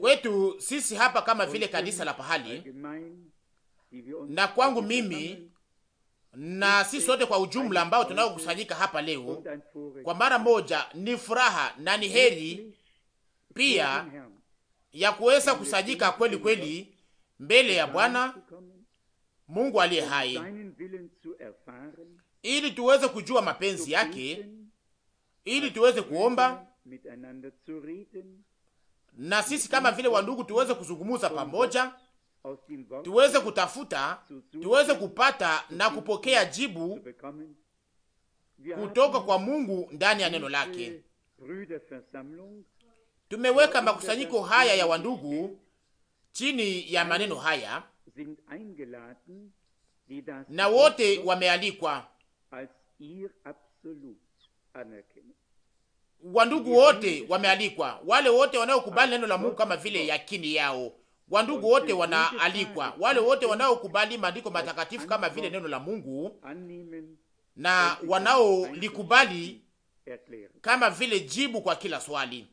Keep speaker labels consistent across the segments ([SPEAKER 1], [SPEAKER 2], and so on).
[SPEAKER 1] kwetu sisi hapa kama vile kanisa la pahali na kwangu mimi na sisi wote kwa ujumla ambao tunaokusanyika hapa leo kwa mara moja, ni furaha na ni heri pia ya kuweza kusanyika kweli kweli mbele ya Bwana Mungu aliye hai, ili tuweze kujua mapenzi yake ili tuweze kuomba na sisi kama vile wandugu tuweze kuzungumuza pamoja, tuweze kutafuta, tuweze kupata na kupokea jibu kutoka kwa Mungu ndani ya neno lake. Tumeweka makusanyiko haya ya wandugu chini ya maneno haya, na wote wamealikwa wandugu wote wamealikwa, wale wote wanaokubali neno la Mungu kama vile yakini yao. Wandugu wote wanaalikwa, wale wote wanaokubali maandiko matakatifu kama vile neno la Mungu na wanaolikubali kama vile jibu kwa kila swali,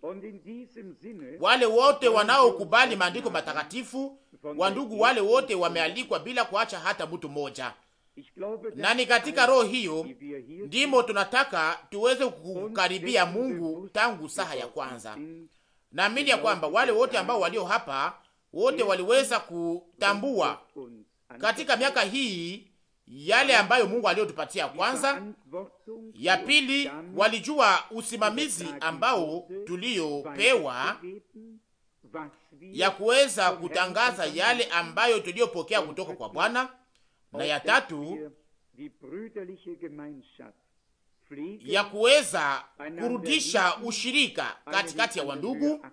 [SPEAKER 1] wale wote wanaokubali maandiko matakatifu. Wandugu wale wote wamealikwa bila kuacha hata mtu mmoja
[SPEAKER 2] nani katika
[SPEAKER 1] roho hiyo ndimo tunataka tuweze kukaribia Mungu tangu saha ya kwanza. Naamini ya kwamba wale wote ambao walio hapa wote waliweza kutambua katika miaka hii yale ambayo Mungu aliyotupatia kwanza. Ya pili, walijua usimamizi ambao tuliopewa ya kuweza kutangaza yale ambayo tuliyopokea kutoka kwa Bwana na ya tatu ya kuweza kurudisha ushirika katikati ya wandugu,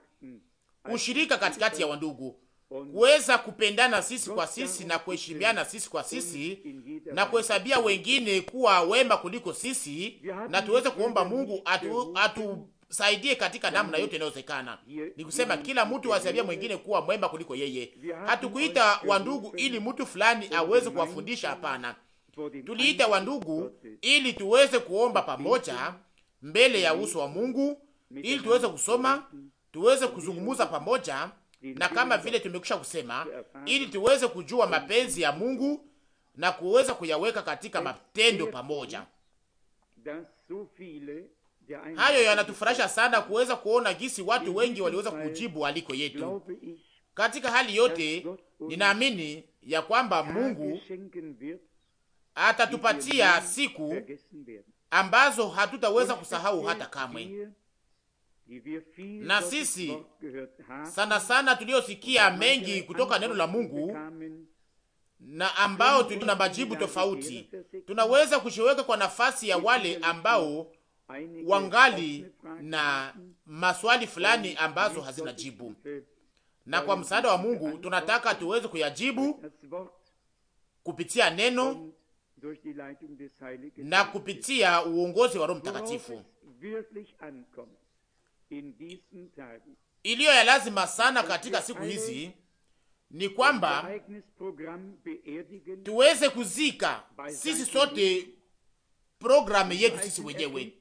[SPEAKER 1] ushirika katikati ya wandugu, kuweza kupendana sisi kwa sisi na kuheshimiana sisi kwa sisi na kuhesabia wengine kuwa wema kuliko sisi, na tuweze kuomba Mungu atu, atu saidie katika namna yote inayowezekana. Ni kusema kila mtu asiabia mwingine kuwa mwema kuliko yeye. Hatukuita wandugu ili mtu fulani aweze kuwafundisha, hapana. Tuliita wandugu ili tuweze kuomba pamoja mbele ya uso wa Mungu, ili tuweze kusoma, tuweze kuzungumza pamoja, na kama vile tumekwisha kusema, ili tuweze kujua mapenzi ya Mungu na kuweza kuyaweka katika matendo pamoja Hayo yanatufurahisha sana kuweza kuona jinsi watu wengi waliweza kujibu aliko yetu. Katika hali yote, ninaamini ya kwamba Mungu atatupatia siku ambazo hatutaweza kusahau hata kamwe, na sisi sana sana tuliosikia mengi kutoka neno la Mungu na ambao tuna majibu tofauti, tunaweza kushiweka kwa nafasi ya wale ambao wangali na maswali fulani ambazo hazina jibu, na kwa msaada wa Mungu tunataka tuweze kuyajibu kupitia neno na kupitia uongozi wa Roho Mtakatifu. Iliyo ya lazima sana katika siku hizi ni kwamba tuweze kuzika sisi sote programu yetu sisi wenyewe,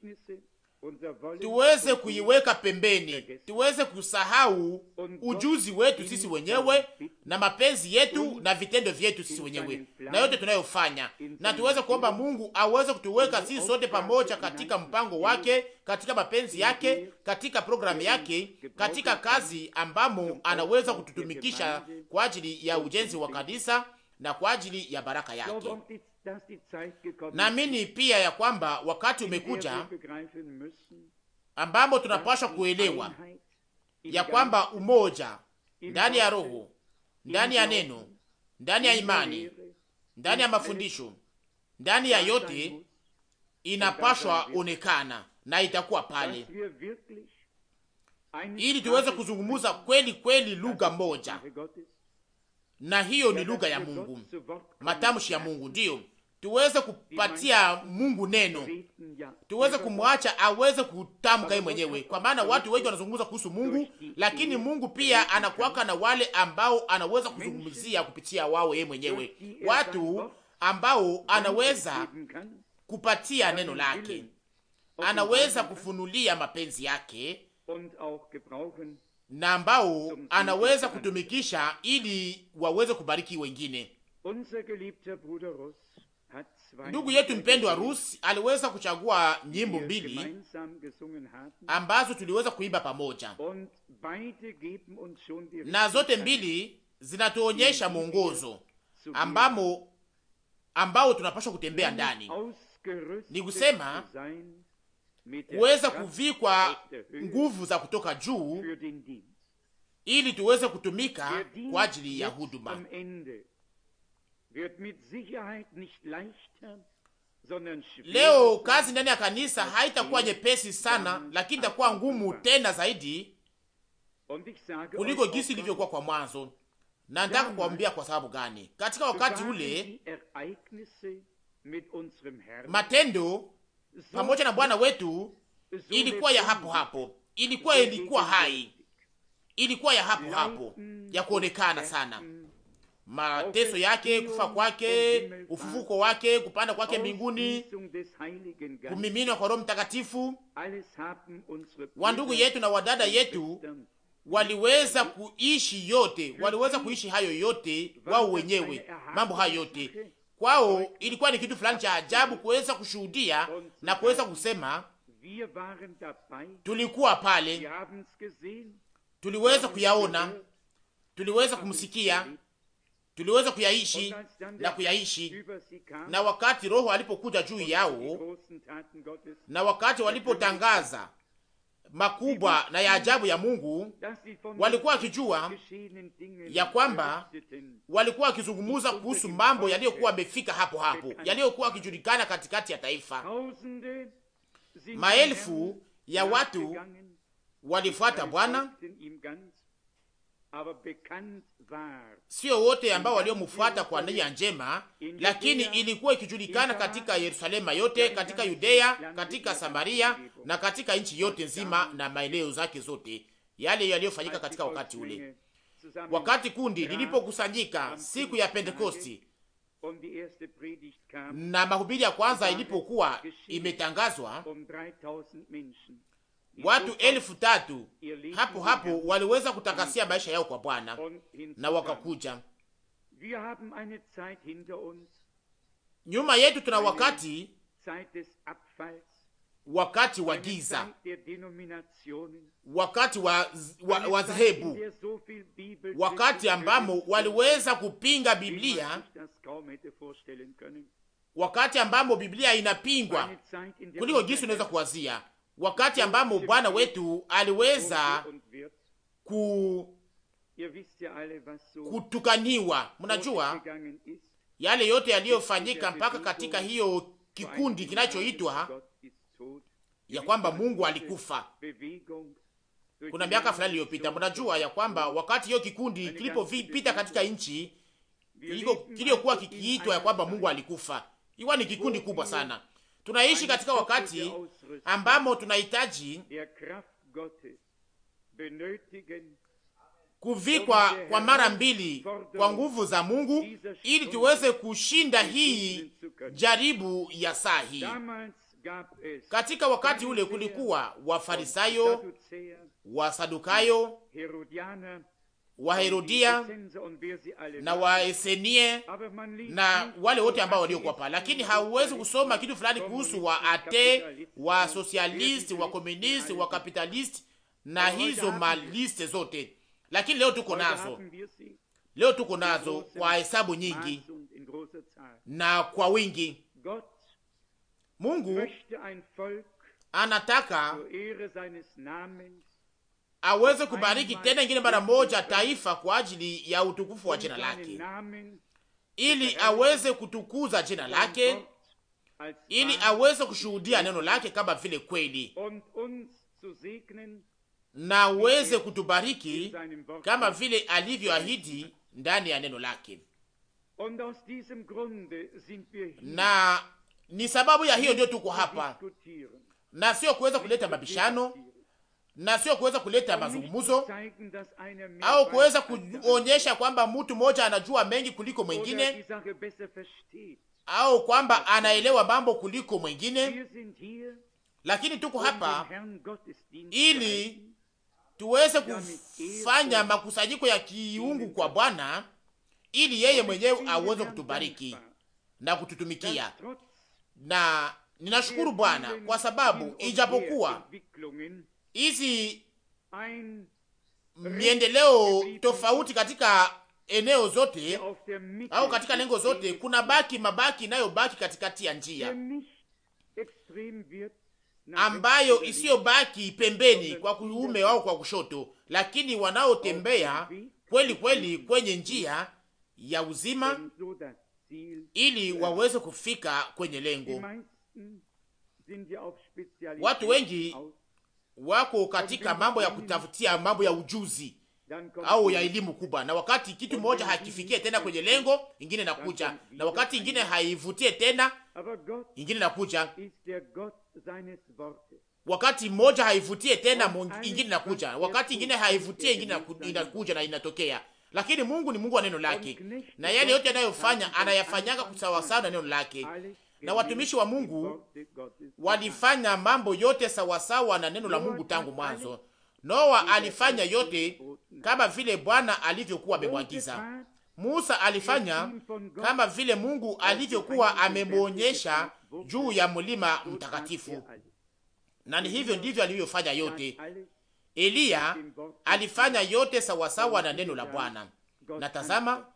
[SPEAKER 1] tuweze kuiweka pembeni, tuweze kusahau ujuzi wetu sisi wenyewe na mapenzi yetu na vitendo vyetu sisi wenyewe na yote tunayofanya, na tuweze kuomba Mungu aweze kutuweka sisi sote pamoja katika mpango wake, katika mapenzi yake, katika programu yake, katika kazi ambamo anaweza kututumikisha kwa ajili ya ujenzi wa kanisa na kwa ajili ya baraka yake. Naamini pia ya kwamba wakati umekuja ambamo tunapashwa kuelewa ya kwamba umoja ndani ya Roho, ndani ya neno, ndani ya imani, ndani ya mafundisho, ndani ya yote inapashwa onekana na itakuwa pale, ili tuweze kuzungumuza kweli kweli lugha moja, na hiyo ni lugha ya Mungu, matamshi ya Mungu ndiyo tuweze kupatia Mungu neno, tuweze kumwacha aweze kutamka yeye mwenyewe, kwa maana watu wengi wanazungumza kuhusu Mungu, lakini Mungu pia anakuwaka na wale ambao anaweza kuzungumzia kupitia wao yeye mwenyewe, watu ambao anaweza kupatia neno lake, anaweza kufunulia mapenzi yake na ambao anaweza kutumikisha ili waweze kubariki wengine.
[SPEAKER 2] Ndugu yetu mpendwa Rusi
[SPEAKER 1] aliweza kuchagua nyimbo mbili ambazo tuliweza kuimba pamoja, na zote mbili zinatuonyesha mwongozo ambamo ambao tunapaswa kutembea ndani, ni kusema kuweza kuvikwa nguvu za kutoka juu, ili tuweze kutumika kwa ajili ya huduma Leo kazi ndani ya kanisa haitakuwa nyepesi sana, lakini itakuwa ngumu tena zaidi kuliko jinsi ilivyokuwa kwa mwanzo. Na nataka kuambia kwa sababu gani? Katika wakati ule
[SPEAKER 2] matendo
[SPEAKER 1] pamoja na Bwana wetu ilikuwa ya hapo hapo, ilikuwa ilikuwa hai, ilikuwa ya hapo hapo ya kuonekana sana mateso yake, kufa kwake, ufufuko wake, kupanda kwake mbinguni, kumiminwa kwa Roho Mtakatifu.
[SPEAKER 2] Wandugu yetu na
[SPEAKER 1] wadada yetu waliweza kuishi yote, waliweza kuishi hayo yote wao wenyewe. Mambo hayo yote kwao ilikuwa ni kitu fulani cha ajabu kuweza kushuhudia na kuweza kusema, tulikuwa pale, tuliweza kuyaona, tuliweza kumsikia tuliweza kuyaishi na kuyaishi, na wakati Roho alipokuja juu yao na wakati walipotangaza makubwa na ya ajabu ya Mungu,
[SPEAKER 2] walikuwa wakijua ya
[SPEAKER 1] kwamba walikuwa wakizungumuza kuhusu mambo yaliyokuwa yamefika hapo hapo, yaliyokuwa yakijulikana katikati ya taifa. Maelfu ya watu walifuata Bwana Sio wote ambao waliomfuata kwa nia njema, lakini ilikuwa ikijulikana katika Yerusalema yote, katika Yudea, katika Samaria na katika nchi yote nzima na maeneo zake zote, yale yaliyofanyika katika wakati ule, wakati kundi lilipokusanyika siku ya Pentekosti um na mahubiri ya kwanza ilipokuwa imetangazwa um watu elfu tatu hapo hapo waliweza kutakasia maisha yao kwa Bwana na wakakuja. Nyuma yetu tuna wakati wakati wa giza, wakati wa wadhehebu, wakati ambamo waliweza kupinga Biblia, wakati ambamo Biblia inapingwa kuliko jinsi unaweza kuwazia wakati ambamo Bwana wetu aliweza ku kutukaniwa. Mnajua yale yote yaliyofanyika mpaka katika hiyo kikundi kinachoitwa ya kwamba Mungu alikufa kuna miaka fulani iliyopita. Mnajua ya kwamba wakati hiyo kikundi kilipopita katika nchi kiliyokuwa kikiitwa ya kwamba Mungu alikufa, iwa ni kikundi kubwa sana Tunaishi katika wakati ambamo tunahitaji kuvikwa kwa mara mbili kwa nguvu za Mungu ili tuweze kushinda hii jaribu ya saa hii. Katika wakati ule kulikuwa Wafarisayo, Wasadukayo, Waherodia
[SPEAKER 2] na Waesenie na wale wote
[SPEAKER 1] ambao waliokuwa pale, lakini hauwezi kusoma kitu fulani kuhusu wa ate wa sosialisti wa komunisti wa kapitalisti na hizo maliste zote, lakini leo tuko nazo, leo tuko nazo kwa hesabu nyingi na kwa wingi. Mungu anataka aweze kubariki tena ingine mara moja taifa kwa ajili ya utukufu wa jina lake, ili aweze kutukuza jina lake, ili aweze kushuhudia neno lake kama vile kweli, na aweze kutubariki kama vile alivyoahidi ndani ya neno lake.
[SPEAKER 2] Na
[SPEAKER 1] ni sababu ya hiyo ndio tuko um hapa na sio kuweza kuleta mabishano na sio kuweza kuleta mazungumzo au kuweza kuonyesha kwamba mtu mmoja anajua mengi kuliko mwingine au kwamba anaelewa mambo kuliko mwingine, lakini tuko um hapa ili tuweze kufanya makusanyiko ya kiungu kwa Bwana ili yeye mwenyewe aweze kutubariki na kututumikia. Na ninashukuru Bwana kwa sababu ijapokuwa hizi miendeleo tofauti katika eneo zote au katika lengo zote, kuna baki mabaki inayobaki katikati ya njia ambayo isiyobaki pembeni kwa kuume au kwa kushoto, lakini wanaotembea kweli kweli kwenye njia ya uzima ili waweze kufika kwenye lengo.
[SPEAKER 2] Watu wengi
[SPEAKER 1] wako katika mambo ya kutafutia mambo ya ujuzi au ya elimu kubwa, na wakati kitu moja hakifikie tena kwenye lengo, ingine nakuja, na wakati ingine haivutie tena, ingine nakuja, wakati moja haivutie tena, ingine nakuja, wakati ingine haivutie, ingine inakuja na inatokea. Lakini Mungu ni Mungu wa neno lake, na yale yote anayofanya anayafanyaga kusawasawa na neno lake, na watumishi wa Mungu walifanya mambo yote sawasawa na neno la Mungu tangu mwanzo. Noa alifanya yote kama vile Bwana alivyokuwa amemwagiza. Musa alifanya kama vile Mungu alivyokuwa amemwonyesha juu ya mlima mtakatifu, na ni hivyo ndivyo alivyofanya yote. Eliya alifanya yote sawasawa na neno la Bwana, Natazama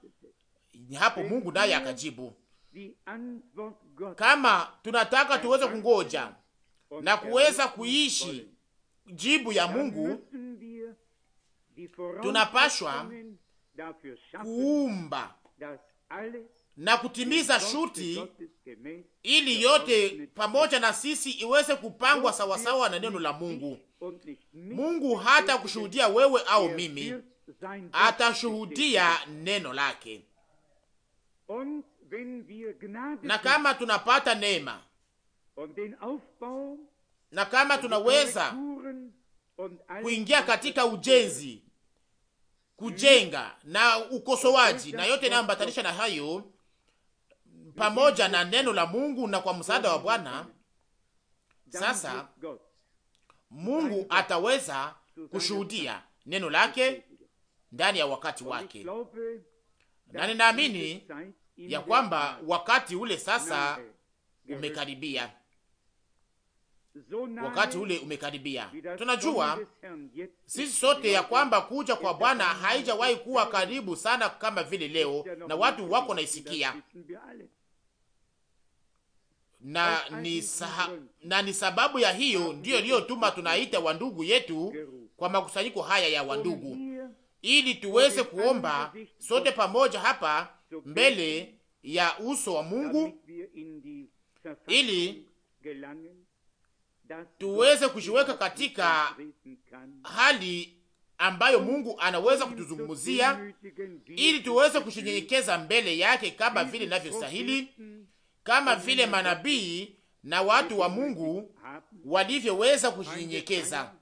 [SPEAKER 1] hapo Mungu naye akajibu kama tunataka tuweze kungoja na kuweza kuishi jibu ya Mungu,
[SPEAKER 2] tunapashwa
[SPEAKER 1] kuumba na kutimiza shuti ili yote pamoja na sisi iweze kupangwa sawasawa na neno la Mungu. Mungu hata kushuhudia wewe au mimi, atashuhudia neno lake na kama tunapata neema na kama tunaweza kuingia katika ujenzi, kujenga na ukosoaji na yote inayoambatanisha na hayo, pamoja na neno la Mungu na kwa msaada wa Bwana, sasa Mungu ataweza kushuhudia neno lake ndani ya wakati wake, na ninaamini ya kwamba wakati ule sasa umekaribia, wakati ule umekaribia. Tunajua sisi sote ya kwamba kuja kwa Bwana haijawahi kuwa karibu sana kama vile leo, na watu wako naisikia na ni, na ni sababu ya hiyo ndiyo iliyotuma tunaita wandugu yetu kwa makusanyiko haya ya wandugu, ili tuweze kuomba sote pamoja hapa mbele ya uso wa Mungu ili tuweze kujiweka katika hali ambayo Mungu anaweza kutuzungumzia, ili tuweze kushinyenyekeza mbele yake kama vile inavyostahili, kama vile manabii na watu wa Mungu walivyoweza kushinyenyekeza.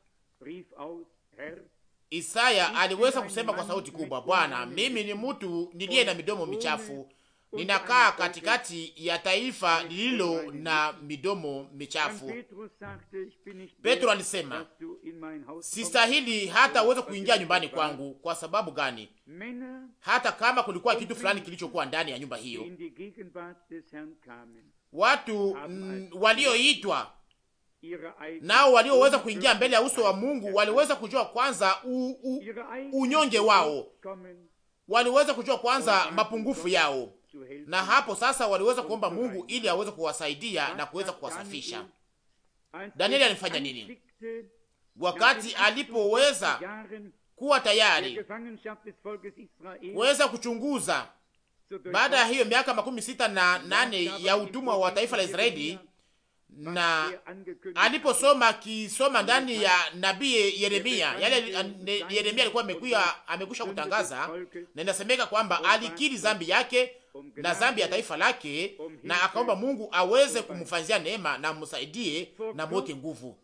[SPEAKER 1] Isaya aliweza kusema kwa sauti kubwa, Bwana, mimi ni mtu niliye na midomo michafu, ninakaa katikati ya taifa lililo na midomo michafu. Petro alisema, sistahili hata uweze kuingia nyumbani kwangu. Kwa sababu gani? Hata kama kulikuwa kitu fulani kilichokuwa ndani ya nyumba hiyo, watu mm, walioitwa
[SPEAKER 2] nao walioweza
[SPEAKER 1] kuingia mbele ya uso wa Mungu waliweza kujua kwanza u, u, unyonge wao, waliweza kujua kwanza mapungufu yao, na hapo sasa waliweza kuomba Mungu ili aweze kuwasaidia na kuweza kuwasafisha. Danieli alifanya nini wakati alipoweza kuwa tayari kuweza kuchunguza baada ya hiyo miaka makumi sita na nane ya utumwa wa taifa la Israeli na aliposoma akisoma ndani ya nabii Yeremia yale Yeremia alikuwa amekuya amekwisha kutangaza, na inasemeka kwamba alikiri zambi yake na zambi ya taifa lake, na akaomba Mungu aweze kumfanyia neema na msaidie na mweke nguvu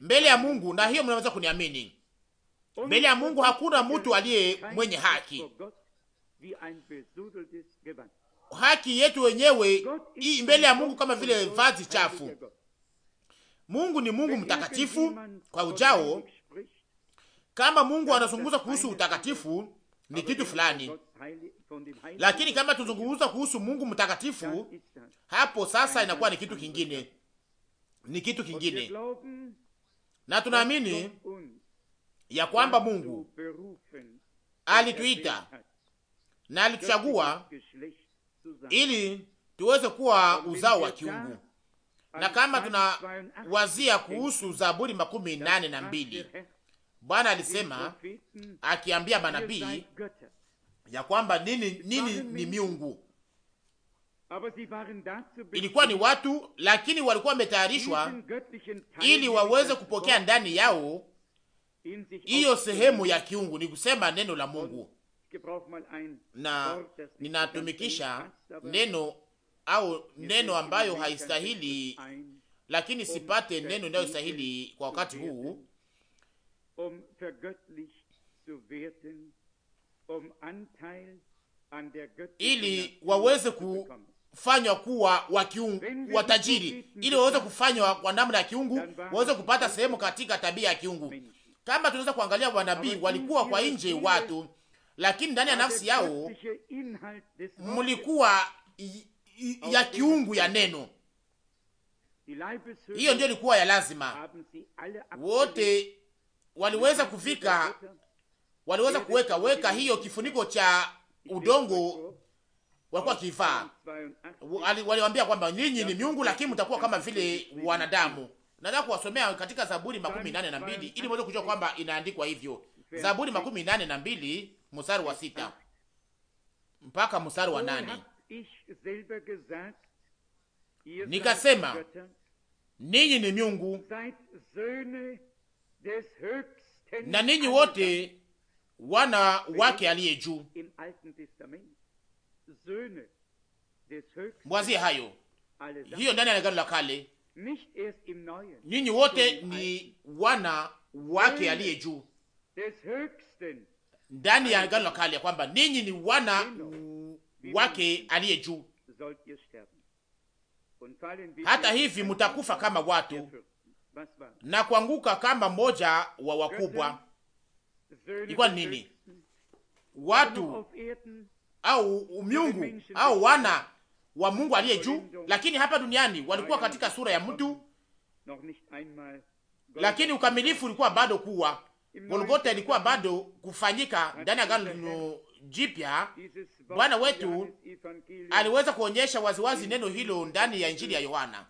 [SPEAKER 1] mbele ya Mungu, na hiyo mnaweza kuniamini.
[SPEAKER 2] Mbele ya Mungu hakuna mtu aliye mwenye haki
[SPEAKER 1] haki yetu wenyewe hii mbele ya Mungu kama vile vazi chafu. Mungu ni Mungu mtakatifu kwa ujao. Kama Mungu anazungumza kuhusu utakatifu ni kitu fulani, lakini kama tuzungumza kuhusu Mungu mtakatifu, hapo sasa inakuwa ni kitu kingine, ni kitu kingine. Na tunaamini ya kwamba Mungu alituita na alituchagua ili tuweze kuwa uzao wa kiungu. Na kama
[SPEAKER 2] tunawazia kuhusu
[SPEAKER 1] Zaburi makumi nane na mbili, Bwana alisema
[SPEAKER 2] akiambia manabii
[SPEAKER 1] ya kwamba nini, nini ni miungu. Ilikuwa ni watu, lakini walikuwa wametayarishwa ili waweze kupokea ndani yao hiyo sehemu ya kiungu, ni kusema neno la Mungu na ninatumikisha neno au neno ambayo haistahili, lakini sipate um neno inayostahili kwa wakati huu
[SPEAKER 2] ili
[SPEAKER 1] waweze kufanywa kuwa watajiri, ili waweze kufanywa kwa namna ya kiungu, waweze kupata sehemu katika tabia ya kiungu. Kama tunaweza kuangalia, wanabii walikuwa kwa nje watu lakini ndani ya nafsi yao mlikuwa ya kiungu ya neno. Hiyo ndio ilikuwa ya lazima. Wote waliweza kufika, waliweza kuweka weka hiyo kifuniko cha udongo walikuwa kivaa. Waliwaambia kwamba ninyi ni miungu, lakini mtakuwa kama vile wanadamu. Nataka kuwasomea katika Zaburi makumi nane na mbili ili mweze kujua kwamba inaandikwa hivyo. Zaburi makumi nane na mbili mstari wa sita mpaka mstari wa nane
[SPEAKER 2] nikasema ninyi ni
[SPEAKER 1] miungu na ninyi wote wana wake aliye juu. Mwazie hayo hiyo ndani ya Agano la Kale, ninyi wote ni wana wake aliye juu ndani ya agano la kale ya kwamba ninyi ni wana wake aliye juu. Hata hivi mtakufa kama watu na kuanguka kama mmoja wa wakubwa. Ilikuwa nini? Watu au miungu au wana wa Mungu aliye juu, lakini hapa duniani walikuwa katika sura ya mtu,
[SPEAKER 2] uh,
[SPEAKER 1] lakini ukamilifu ulikuwa bado kuwa golgota ilikuwa bado kufanyika ndani ya Agano Jipya.
[SPEAKER 2] Bwana wetu
[SPEAKER 1] aliweza kuonyesha waziwazi neno hilo ndani ya Injili ya Yohana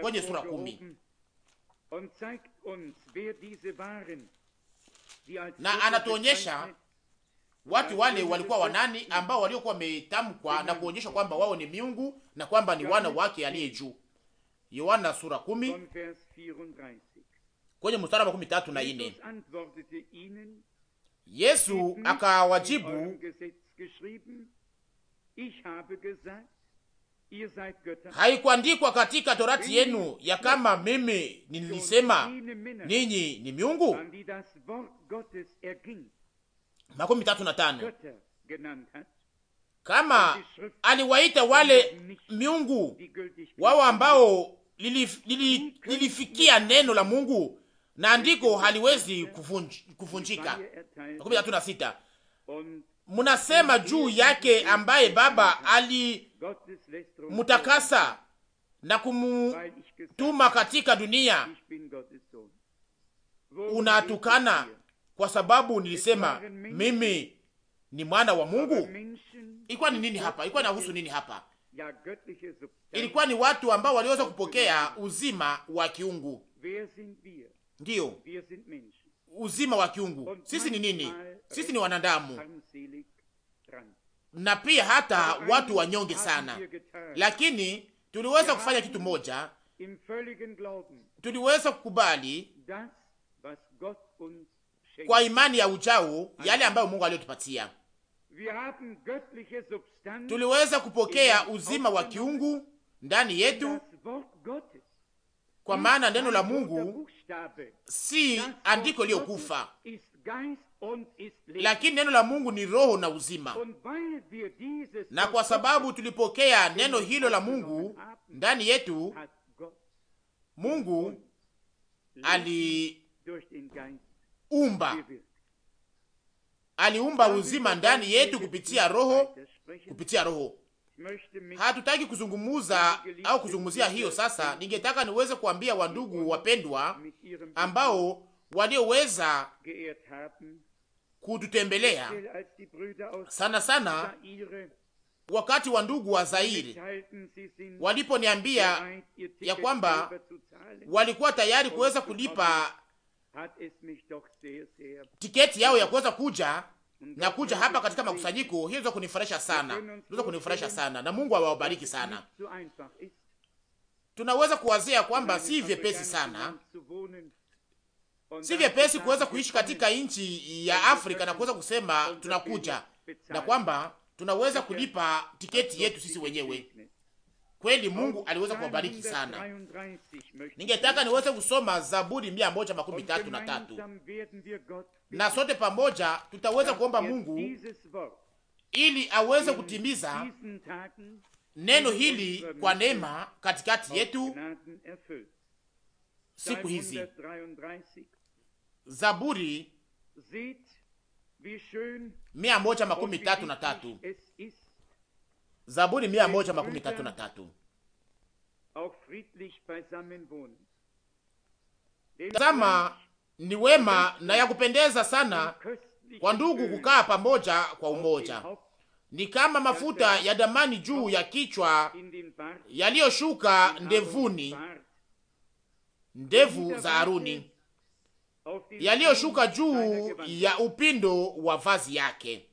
[SPEAKER 1] kwenye sura kumi na anatuonyesha watu wale walikuwa wanani ambao waliokuwa wametamkwa na kuonyesha kwamba wao ni miungu na kwamba ni wana wake aliye juu. Yohana sura kumi kwenye mstari wa makumi tatu na ine. Yesu akawajibu haikuandikwa katika torati yenu ya kama mimi nilisema ninyi ni miungu? makumi tatu na tano. Kama aliwaita wale miungu wao ambao lilifikia neno la Mungu na andiko haliwezi kuvunjika. Makumi tatu na sita munasema juu yake ambaye Baba
[SPEAKER 2] alimutakasa
[SPEAKER 1] na kumutuma katika dunia, unatukana kwa sababu nilisema mimi ni mwana wa Mungu. Ilikuwa ni nini hapa? Ilikuwa inahusu nini hapa? Ilikuwa ni watu ambao waliweza kupokea uzima wa kiungu ndiyo uzima wa kiungu. Sisi ni nini? Sisi ni wanadamu na pia hata watu wanyonge sana, lakini tuliweza kufanya kitu moja, tuliweza kukubali
[SPEAKER 2] kwa imani ya
[SPEAKER 1] ujao yale ambayo Mungu aliyotupatia.
[SPEAKER 2] Tuliweza kupokea
[SPEAKER 1] uzima wa kiungu ndani yetu kwa maana neno la Mungu si andiko iliyokufa, lakini neno la Mungu ni roho na uzima. Na kwa sababu tulipokea neno hilo la Mungu ndani yetu, Mungu aliumba aliumba uzima ndani yetu kupitia roho, kupitia roho hatutaki kuzungumuza au kuzungumzia hiyo sasa. Ningetaka niweze kuambia wandugu wapendwa ambao walioweza kututembelea
[SPEAKER 2] sana sana
[SPEAKER 1] wakati wa ndugu wa Zairi waliponiambia ya kwamba walikuwa tayari kuweza kulipa tiketi yao ya kuweza kuja nakuja hapa katika makusanyiko za kunifurahisha sana, za kunifurahisha sana, na Mungu awabariki sana. Tunaweza kuwazia kwamba si vyepesi sana, si vyepesi kuweza kuishi katika nchi ya Afrika na kuweza kusema tunakuja, na kwamba tunaweza kulipa tiketi yetu sisi wenyewe Kweli Mungu aliweza kuwabariki sana. Ningetaka niweze kusoma Zaburi mia moja makumi tatu na tatu na sote pamoja tutaweza kuomba Mungu ili aweze kutimiza neno hili kwa neema katikati yetu siku hizi. Zaburi mia moja makumi tatu na tatu. Zaburi mia moja makumi tatu na tatu. Tazama, ni wema na ya kupendeza sana kwa ndugu kukaa pamoja kwa umoja, ni kama mafuta ya damani juu ya kichwa yaliyoshuka ndevuni, ndevu za Haruni,
[SPEAKER 2] yaliyoshuka
[SPEAKER 1] juu ya upindo wa vazi yake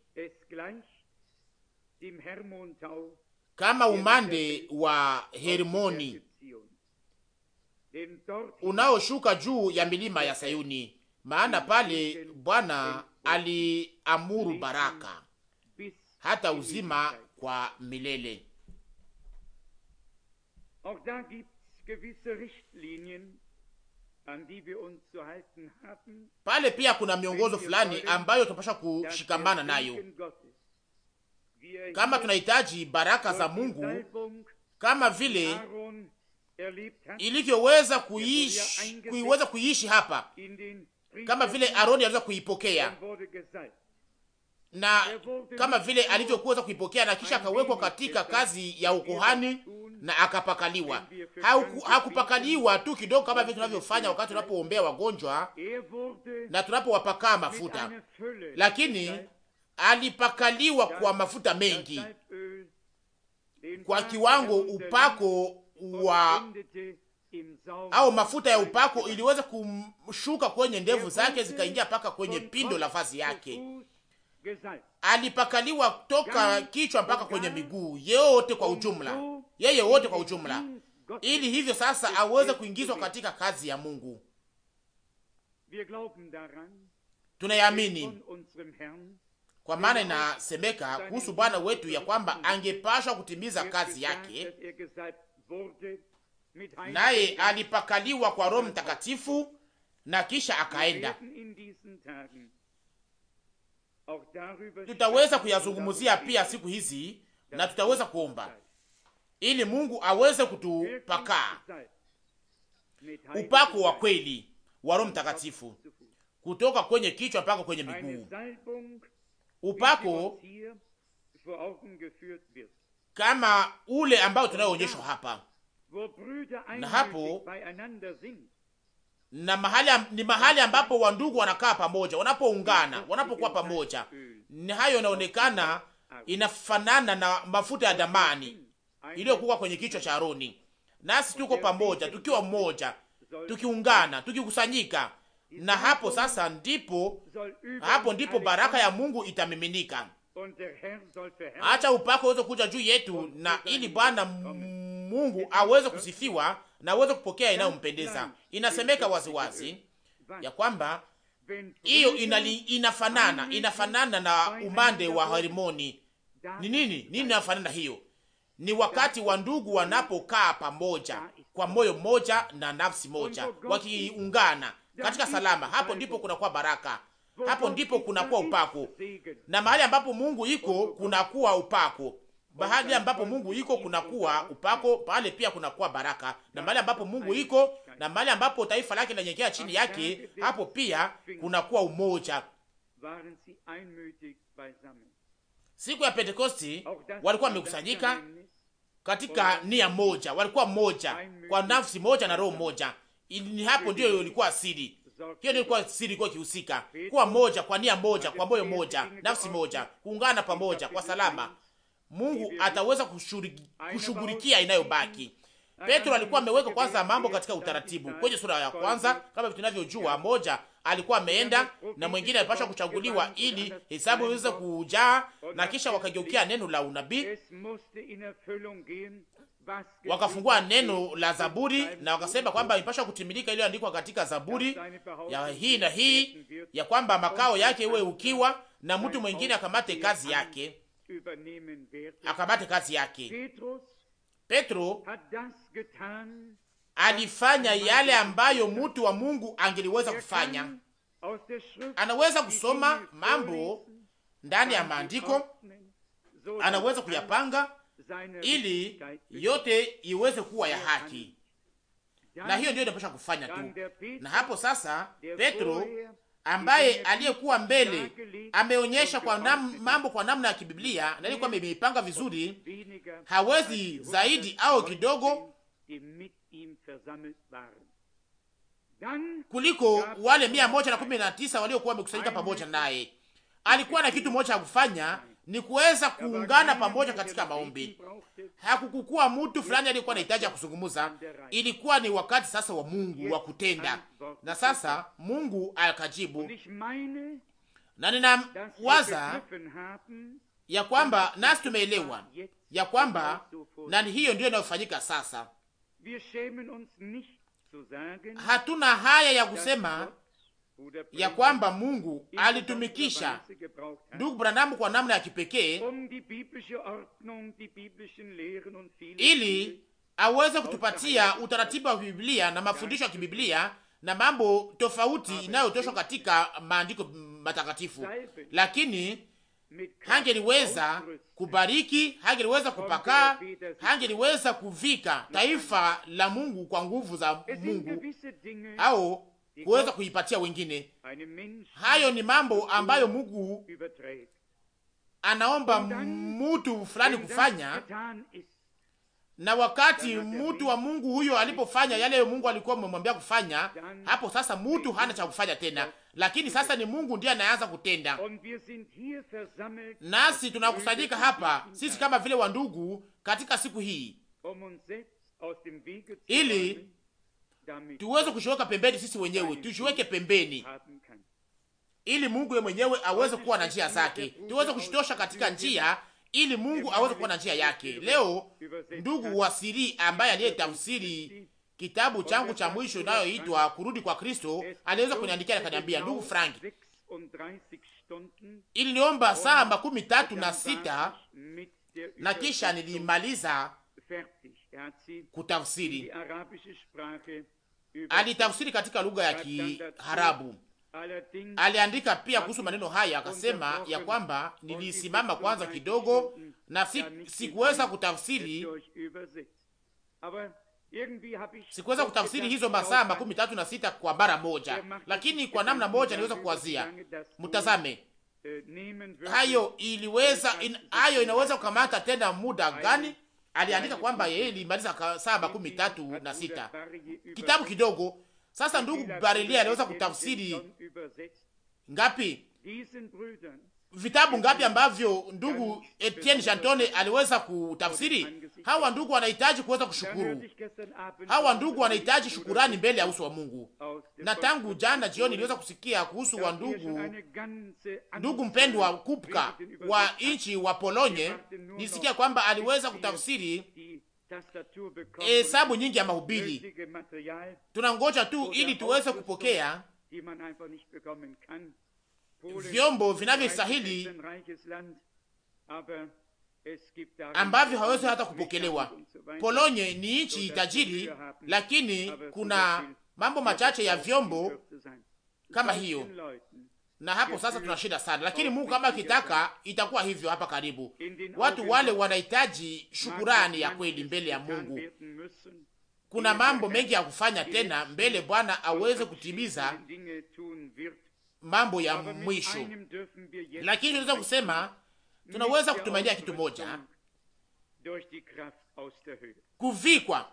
[SPEAKER 1] kama umande wa Hermoni unaoshuka juu ya milima ya Sayuni, maana pale Bwana aliamuru baraka hata uzima kwa milele. Pale pia kuna miongozo fulani ambayo tunapasha kushikamana nayo kama tunahitaji baraka za Mungu kama vile
[SPEAKER 2] ilivyoweza
[SPEAKER 1] kuishi kuiweza kuishi hapa,
[SPEAKER 2] kama vile Aroni
[SPEAKER 1] aliweza kuipokea na kama vile alivyokuweza kuipokea na kisha akawekwa katika kazi ya ukuhani na akapakaliwa. Hakupakaliwa tu kidogo kama vile tunavyofanya wakati tunapoombea wagonjwa
[SPEAKER 2] na tunapowapaka
[SPEAKER 1] mafuta, lakini alipakaliwa kwa mafuta mengi, kwa kiwango upako wa au mafuta ya upako iliweza kushuka kwenye ndevu zake zikaingia mpaka kwenye pindo la vazi yake. Alipakaliwa toka kichwa mpaka kwenye miguu yote kwa ujumla, yeye wote kwa ujumla, ili hivyo sasa aweze kuingizwa katika kazi ya Mungu. Tunayamini kwa maana inasemeka kuhusu Bwana wetu ya kwamba angepashwa kutimiza kazi yake, naye alipakaliwa kwa Roho Mtakatifu na kisha akaenda.
[SPEAKER 2] Tutaweza kuyazungumzia pia
[SPEAKER 1] siku hizi na tutaweza kuomba ili Mungu aweze kutupakaa upako wa kweli wa Roho Mtakatifu kutoka kwenye kichwa mpaka kwenye miguu upako kama ule ambao tunayoonyeshwa hapa
[SPEAKER 2] na hapo
[SPEAKER 1] na mahali, ni mahali ambapo wandugu wanakaa pamoja, wanapoungana, wanapokuwa pamoja, ni hayo inaonekana inafanana na mafuta ya damani iliyokuwa kwenye kichwa cha Aroni. Nasi tuko pamoja, tukiwa mmoja, tukiungana, tukikusanyika na hapo sasa ndipo
[SPEAKER 2] hapo ndipo baraka
[SPEAKER 1] ya Mungu itamiminika. Acha upako uweze kuja juu yetu, na ili Bwana Mungu aweze kusifiwa na aweze kupokea inayompendeza. Inasemeka waziwazi wazi ya kwamba hiyo inafanana inafanana na umande wa harimoni Ni nini nini inafanana hiyo? Ni wakati wa ndugu wanapokaa pamoja kwa moyo mmoja na nafsi moja wakiungana katika salama. Hapo ndipo kunakuwa baraka, hapo ndipo kunakuwa upako, na mahali ambapo Mungu iko kunakuwa upako. Mahali ambapo Mungu iko kunakuwa upako, pale pia kunakuwa baraka. Na mahali ambapo Mungu iko na mahali ambapo taifa lake linanyekea chini yake, hapo pia kunakuwa umoja. Siku ya Pentekosti walikuwa wamekusanyika katika nia moja, walikuwa moja kwa nafsi moja na roho moja ni hapo ndio ilikuwa asili hiyo ndio ilikuwa asili kwa kihusika kuwa moja kwa nia moja, kwa moyo moja, nafsi moja, kuungana pamoja kwa salama. Mungu ataweza kushughulikia inayobaki. Petro alikuwa ameweka kwanza mambo katika utaratibu kwenye sura ya kwanza, kama tunavyojua, moja alikuwa ameenda na mwingine alipaswa kuchaguliwa ili hesabu iweze kujaa, na kisha wakageukia neno la unabii wakafungua neno la Zaburi na wakasema kwamba imepasha kutimilika iliyoandikwa katika Zaburi ya hii na hii, ya kwamba makao yake iwe ukiwa, na mtu mwingine akamate kazi yake, akamate kazi yake. Petro alifanya yale ambayo mtu wa Mungu angeliweza kufanya. Anaweza kusoma mambo ndani ya maandiko,
[SPEAKER 2] anaweza kuyapanga ili
[SPEAKER 1] yote iweze kuwa ya haki, na hiyo ndio inapasha kufanya tu. Na hapo sasa, Petro ambaye aliyekuwa mbele ameonyesha kwa nam, mambo kwa namna ya kibiblia na ilikuwa ameipanga vizuri, hawezi zaidi au kidogo kuliko wale mia moja na kumi na tisa waliokuwa wamekusanyika pamoja naye. Alikuwa na kitu moja ya kufanya ni kuweza kuungana pamoja katika maombi. Hakukukua mtu fulani aliyekuwa anahitaji ya kuzungumza, ilikuwa ni wakati sasa wa Mungu wa kutenda, na sasa Mungu akajibu, na ninawaza ya kwamba nasi tumeelewa ya kwamba na hiyo ndiyo inayofanyika sasa.
[SPEAKER 2] Hatuna haya ya
[SPEAKER 1] kusema ya kwamba Mungu alitumikisha ndugu branamu kwa namna ya kipekee um ili aweze kutupatia utaratibu wa Biblia na mafundisho ya kibiblia na mambo tofauti inayotoshwa katika maandiko matakatifu, lakini hangeliweza kubariki, hangeliweza kupakaa, hangeliweza kuvika taifa la Mungu kwa nguvu za Mungu au kuweza kuipatia wengine. Hayo ni mambo ambayo Mungu anaomba mtu fulani kufanya, na wakati mtu wa Mungu huyo alipofanya yale Mungu alikuwa amemwambia kufanya, hapo sasa mtu hana cha kufanya tena, lakini sasa ni Mungu ndiye anaanza kutenda.
[SPEAKER 2] Nasi tunakusanyika
[SPEAKER 1] hapa sisi kama vile wandugu katika siku hii
[SPEAKER 2] ili
[SPEAKER 1] tuweze kujiweka pembeni sisi wenyewe, tushiweke pembeni ili Mungu yeye mwenyewe aweze kuwa na njia zake, tuweze kushitosha katika njia ili Mungu aweze kuwa na njia yake. Leo ndugu wa siri ambaye aliyetafsiri kitabu changu cha mwisho inayoitwa kurudi kwa Kristo aliweza kuniandikia akaniambia, ndugu Frank,
[SPEAKER 2] iliniomba saa
[SPEAKER 1] makumi tatu na sita na kisha nilimaliza
[SPEAKER 2] Er kutafsiri, alitafsiri
[SPEAKER 1] katika lugha ya Kiarabu. Aliandika pia kuhusu maneno haya, akasema ya kwamba nilisimama kwanza kidogo na si, er sikuweza kutafsiri
[SPEAKER 2] sikuweza kutafsiri hizo masaa
[SPEAKER 1] makumi tatu na sita kwa mara moja, er lakini kwa namna moja niweza kuwazia. Mtazame
[SPEAKER 2] äh, hayo
[SPEAKER 1] iliweza in, hayo inaweza kukamata tena muda gani? aliandika kwamba yeye ilimaliza saa makumi tatu na sita kitabu kidogo. Sasa ndugu Barelia aliweza kutafsiri ngapi vitabu ngapi ambavyo ndugu Etienne Jantone aliweza kutafsiri. Hawa ndugu wanahitaji kuweza kushukuru, hawa ndugu wanahitaji shukurani mbele ya uso wa Mungu. Na tangu jana jioni niliweza kusikia kuhusu wa ndugu ndugu mpendwa Kupka wa nchi wa Polonye, nisikia kwamba aliweza kutafsiri hesabu nyingi ya mahubiri. Tunangoja tu ili tuweze kupokea
[SPEAKER 2] vyombo vinavyostahili ambavyo hawezi hata
[SPEAKER 1] kupokelewa. Polonye ni nchi tajiri, lakini kuna mambo machache ya vyombo kama hiyo, na hapo sasa tuna shida sana, lakini Mungu kama akitaka itakuwa hivyo hapa karibu. Watu wale wanahitaji shukurani ya kweli mbele ya Mungu. Kuna mambo mengi ya kufanya tena mbele Bwana aweze kutimiza mambo ya mwisho, lakini tunaweza kusema tunaweza kutumainia kitu moja, kuvikwa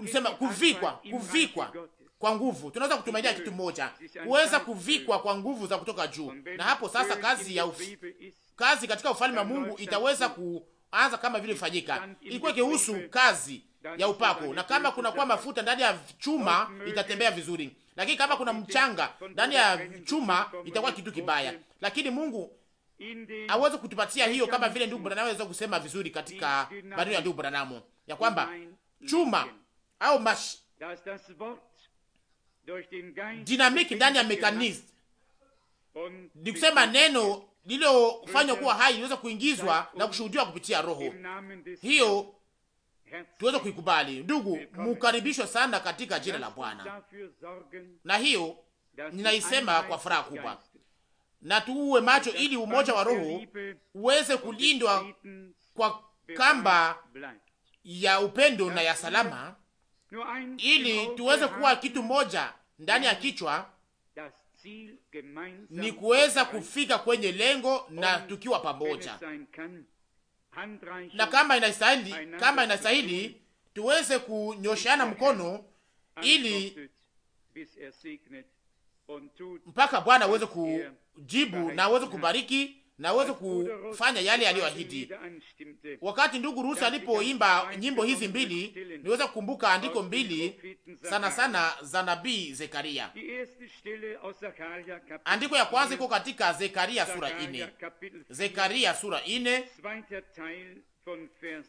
[SPEAKER 2] kusema kuvikwa kuvikwa
[SPEAKER 1] kwa nguvu. Tunaweza kutumainia kitu moja, kuweza kuvikwa kwa nguvu za kutoka juu, na hapo sasa kazi ya uf... kazi katika ufalme wa Mungu itaweza kuanza kama vile ifanyika ilikuwa kihusu kazi ya upako, na kama kuna kwa mafuta ndani ya chuma itatembea vizuri lakini kama kuna mchanga ndani ya chuma itakuwa kitu kibaya, lakini Mungu aweze kutupatia hiyo, kama vile ndugu Branham anaweza kusema vizuri katika maneno ya ndugu Branham ya kwamba chuma au mash dinamiki ndani ya mekanizmi ni kusema neno lililofanywa kuwa hai liweza kuingizwa na kushuhudiwa kupitia Roho hiyo tuweze kuikubali. Ndugu, mukaribishwe sana katika jina la Bwana, na hiyo ninaisema kwa furaha kubwa, na tuwe macho ili umoja wa Roho uweze kulindwa kwa kamba ya upendo na ya salama, ili tuweze kuwa kitu moja ndani ya kichwa ni kuweza kufika kwenye lengo na tukiwa pamoja na kama inastahili, kama inastahili tuweze kunyoshana mkono ili mpaka Bwana aweze kujibu na aweze kubariki na kufanya yale aliyoahidi. Wakati ndugu Rusi alipoimba nyimbo hizi mbili, niweza kukumbuka andiko mbili sana sana za nabii Zekaria. Andiko ya kwanza iko katika Zekaria sura ine,
[SPEAKER 2] Zekaria sura ine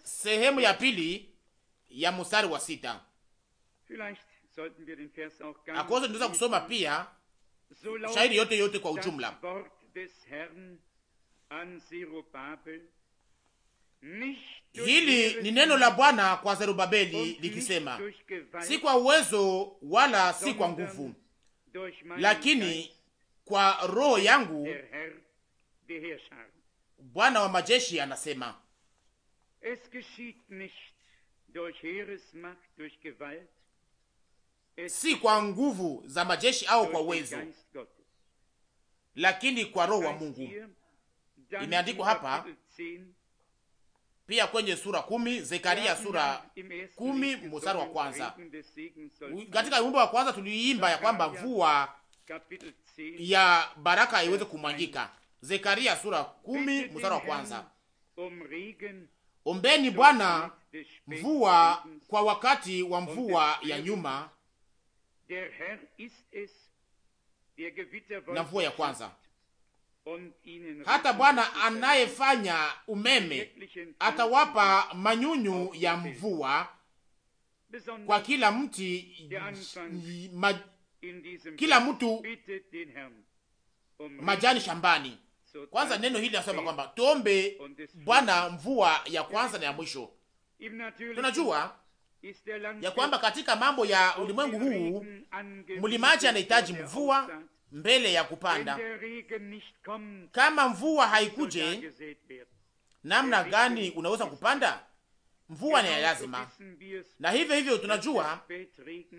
[SPEAKER 2] sehemu ya
[SPEAKER 1] pili ya mstari wa sita.
[SPEAKER 2] Akoso niweza kusoma pia shairi yote yote kwa ujumla Hili ni neno la
[SPEAKER 1] Bwana kwa Zerubabeli likisema, si kwa uwezo wala si kwa nguvu,
[SPEAKER 2] lakini
[SPEAKER 1] kwa roho yangu, Bwana wa majeshi anasema. Si kwa nguvu za majeshi au kwa uwezo, lakini kwa roho wa Mungu
[SPEAKER 2] imeandikwa hapa
[SPEAKER 1] pia kwenye sura kumi, Zekaria sura
[SPEAKER 2] kumi mstari wa kwanza.
[SPEAKER 1] Katika wimbo wa kwanza tuliimba ya kwamba mvua ya baraka iweze kumwangika. Zekaria sura kumi mstari wa kwanza, ombeni Bwana mvua kwa wakati wa mvua ya nyuma
[SPEAKER 2] na mvua ya kwanza hata Bwana
[SPEAKER 1] anayefanya umeme atawapa manyunyu ya mvua kwa kila mti ma,
[SPEAKER 2] kila mtu majani
[SPEAKER 1] shambani. Kwanza neno hili nasema kwamba tuombe Bwana mvua ya kwanza na ya mwisho. Tunajua ya kwamba katika mambo ya ulimwengu huu mlimaji anahitaji mvua mbele ya kupanda. Kama mvua haikuje, namna gani unaweza kupanda? Mvua ni ya lazima, na hivyo hivyo tunajua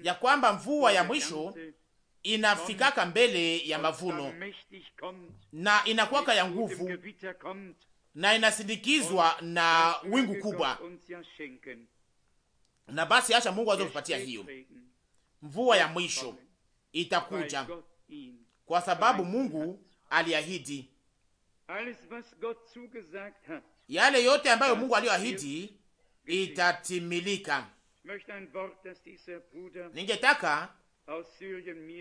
[SPEAKER 1] ya kwamba mvua ya mwisho inafikaka mbele ya mavuno na inakuwaka ya nguvu na inasindikizwa na wingu kubwa. Na basi acha Mungu aweze kutupatia hiyo mvua ya mwisho itakuja kwa sababu Mungu aliahidi yale yote ambayo Mungu aliyoahidi itatimilika.
[SPEAKER 2] Ningetaka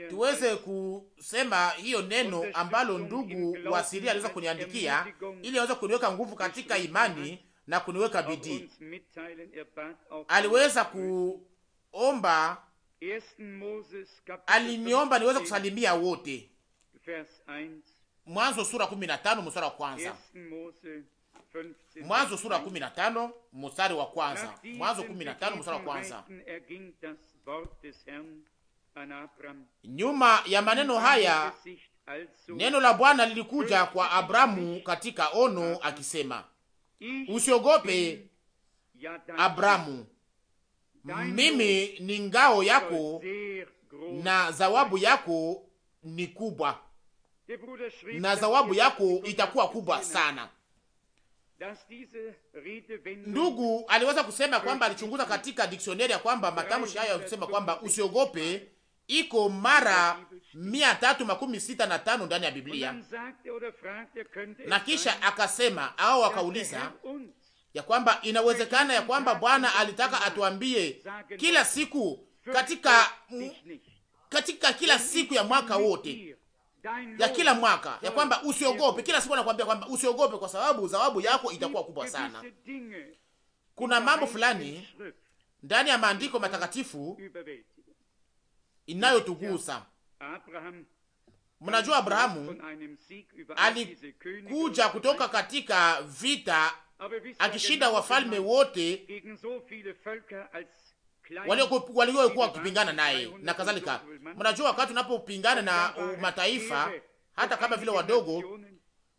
[SPEAKER 2] tuweze
[SPEAKER 1] kusema hiyo neno ambalo ndugu wa Siria aliweza kuniandikia ili aweze kuniweka nguvu katika imani na kuniweka bidii. Er aliweza kuomba, aliniomba niweze kusalimia wote Mwanzo sura 15 mstari wa kwanza. Mwanzo sura 15 mstari wa kwanza. Mwanzo 15 mstari wa kwanza.
[SPEAKER 2] Nyuma ya maneno haya neno la
[SPEAKER 1] Bwana lilikuja kwa Abrahamu katika ono akisema, usiogope Abrahamu, mimi ni ngao yako na zawabu yako ni kubwa
[SPEAKER 2] na zawabu yako
[SPEAKER 1] itakuwa kubwa sana. Ndugu aliweza kusema kwamba alichunguza katika diksioneri ya kwamba matamshi hayo kusema kwamba usiogope iko mara mia tatu makumi sita na tano ndani ya Biblia, na kisha akasema au akauliza ya kwamba inawezekana ya kwamba Bwana alitaka atuambie kila siku katika katika kila siku ya mwaka wote ya kila mwaka, ya kwamba usiogope. Kila siku anakuambia kwamba usiogope, kwa sababu zawabu yako itakuwa kubwa sana. Kuna mambo fulani ndani ya maandiko matakatifu inayotugusa. Mnajua, Abrahamu alikuja kutoka katika vita
[SPEAKER 2] akishinda wafalme
[SPEAKER 1] wote waliokuwa wakipingana naye na kadhalika. Mnajua, wakati unapopingana na mataifa hata kama vile wadogo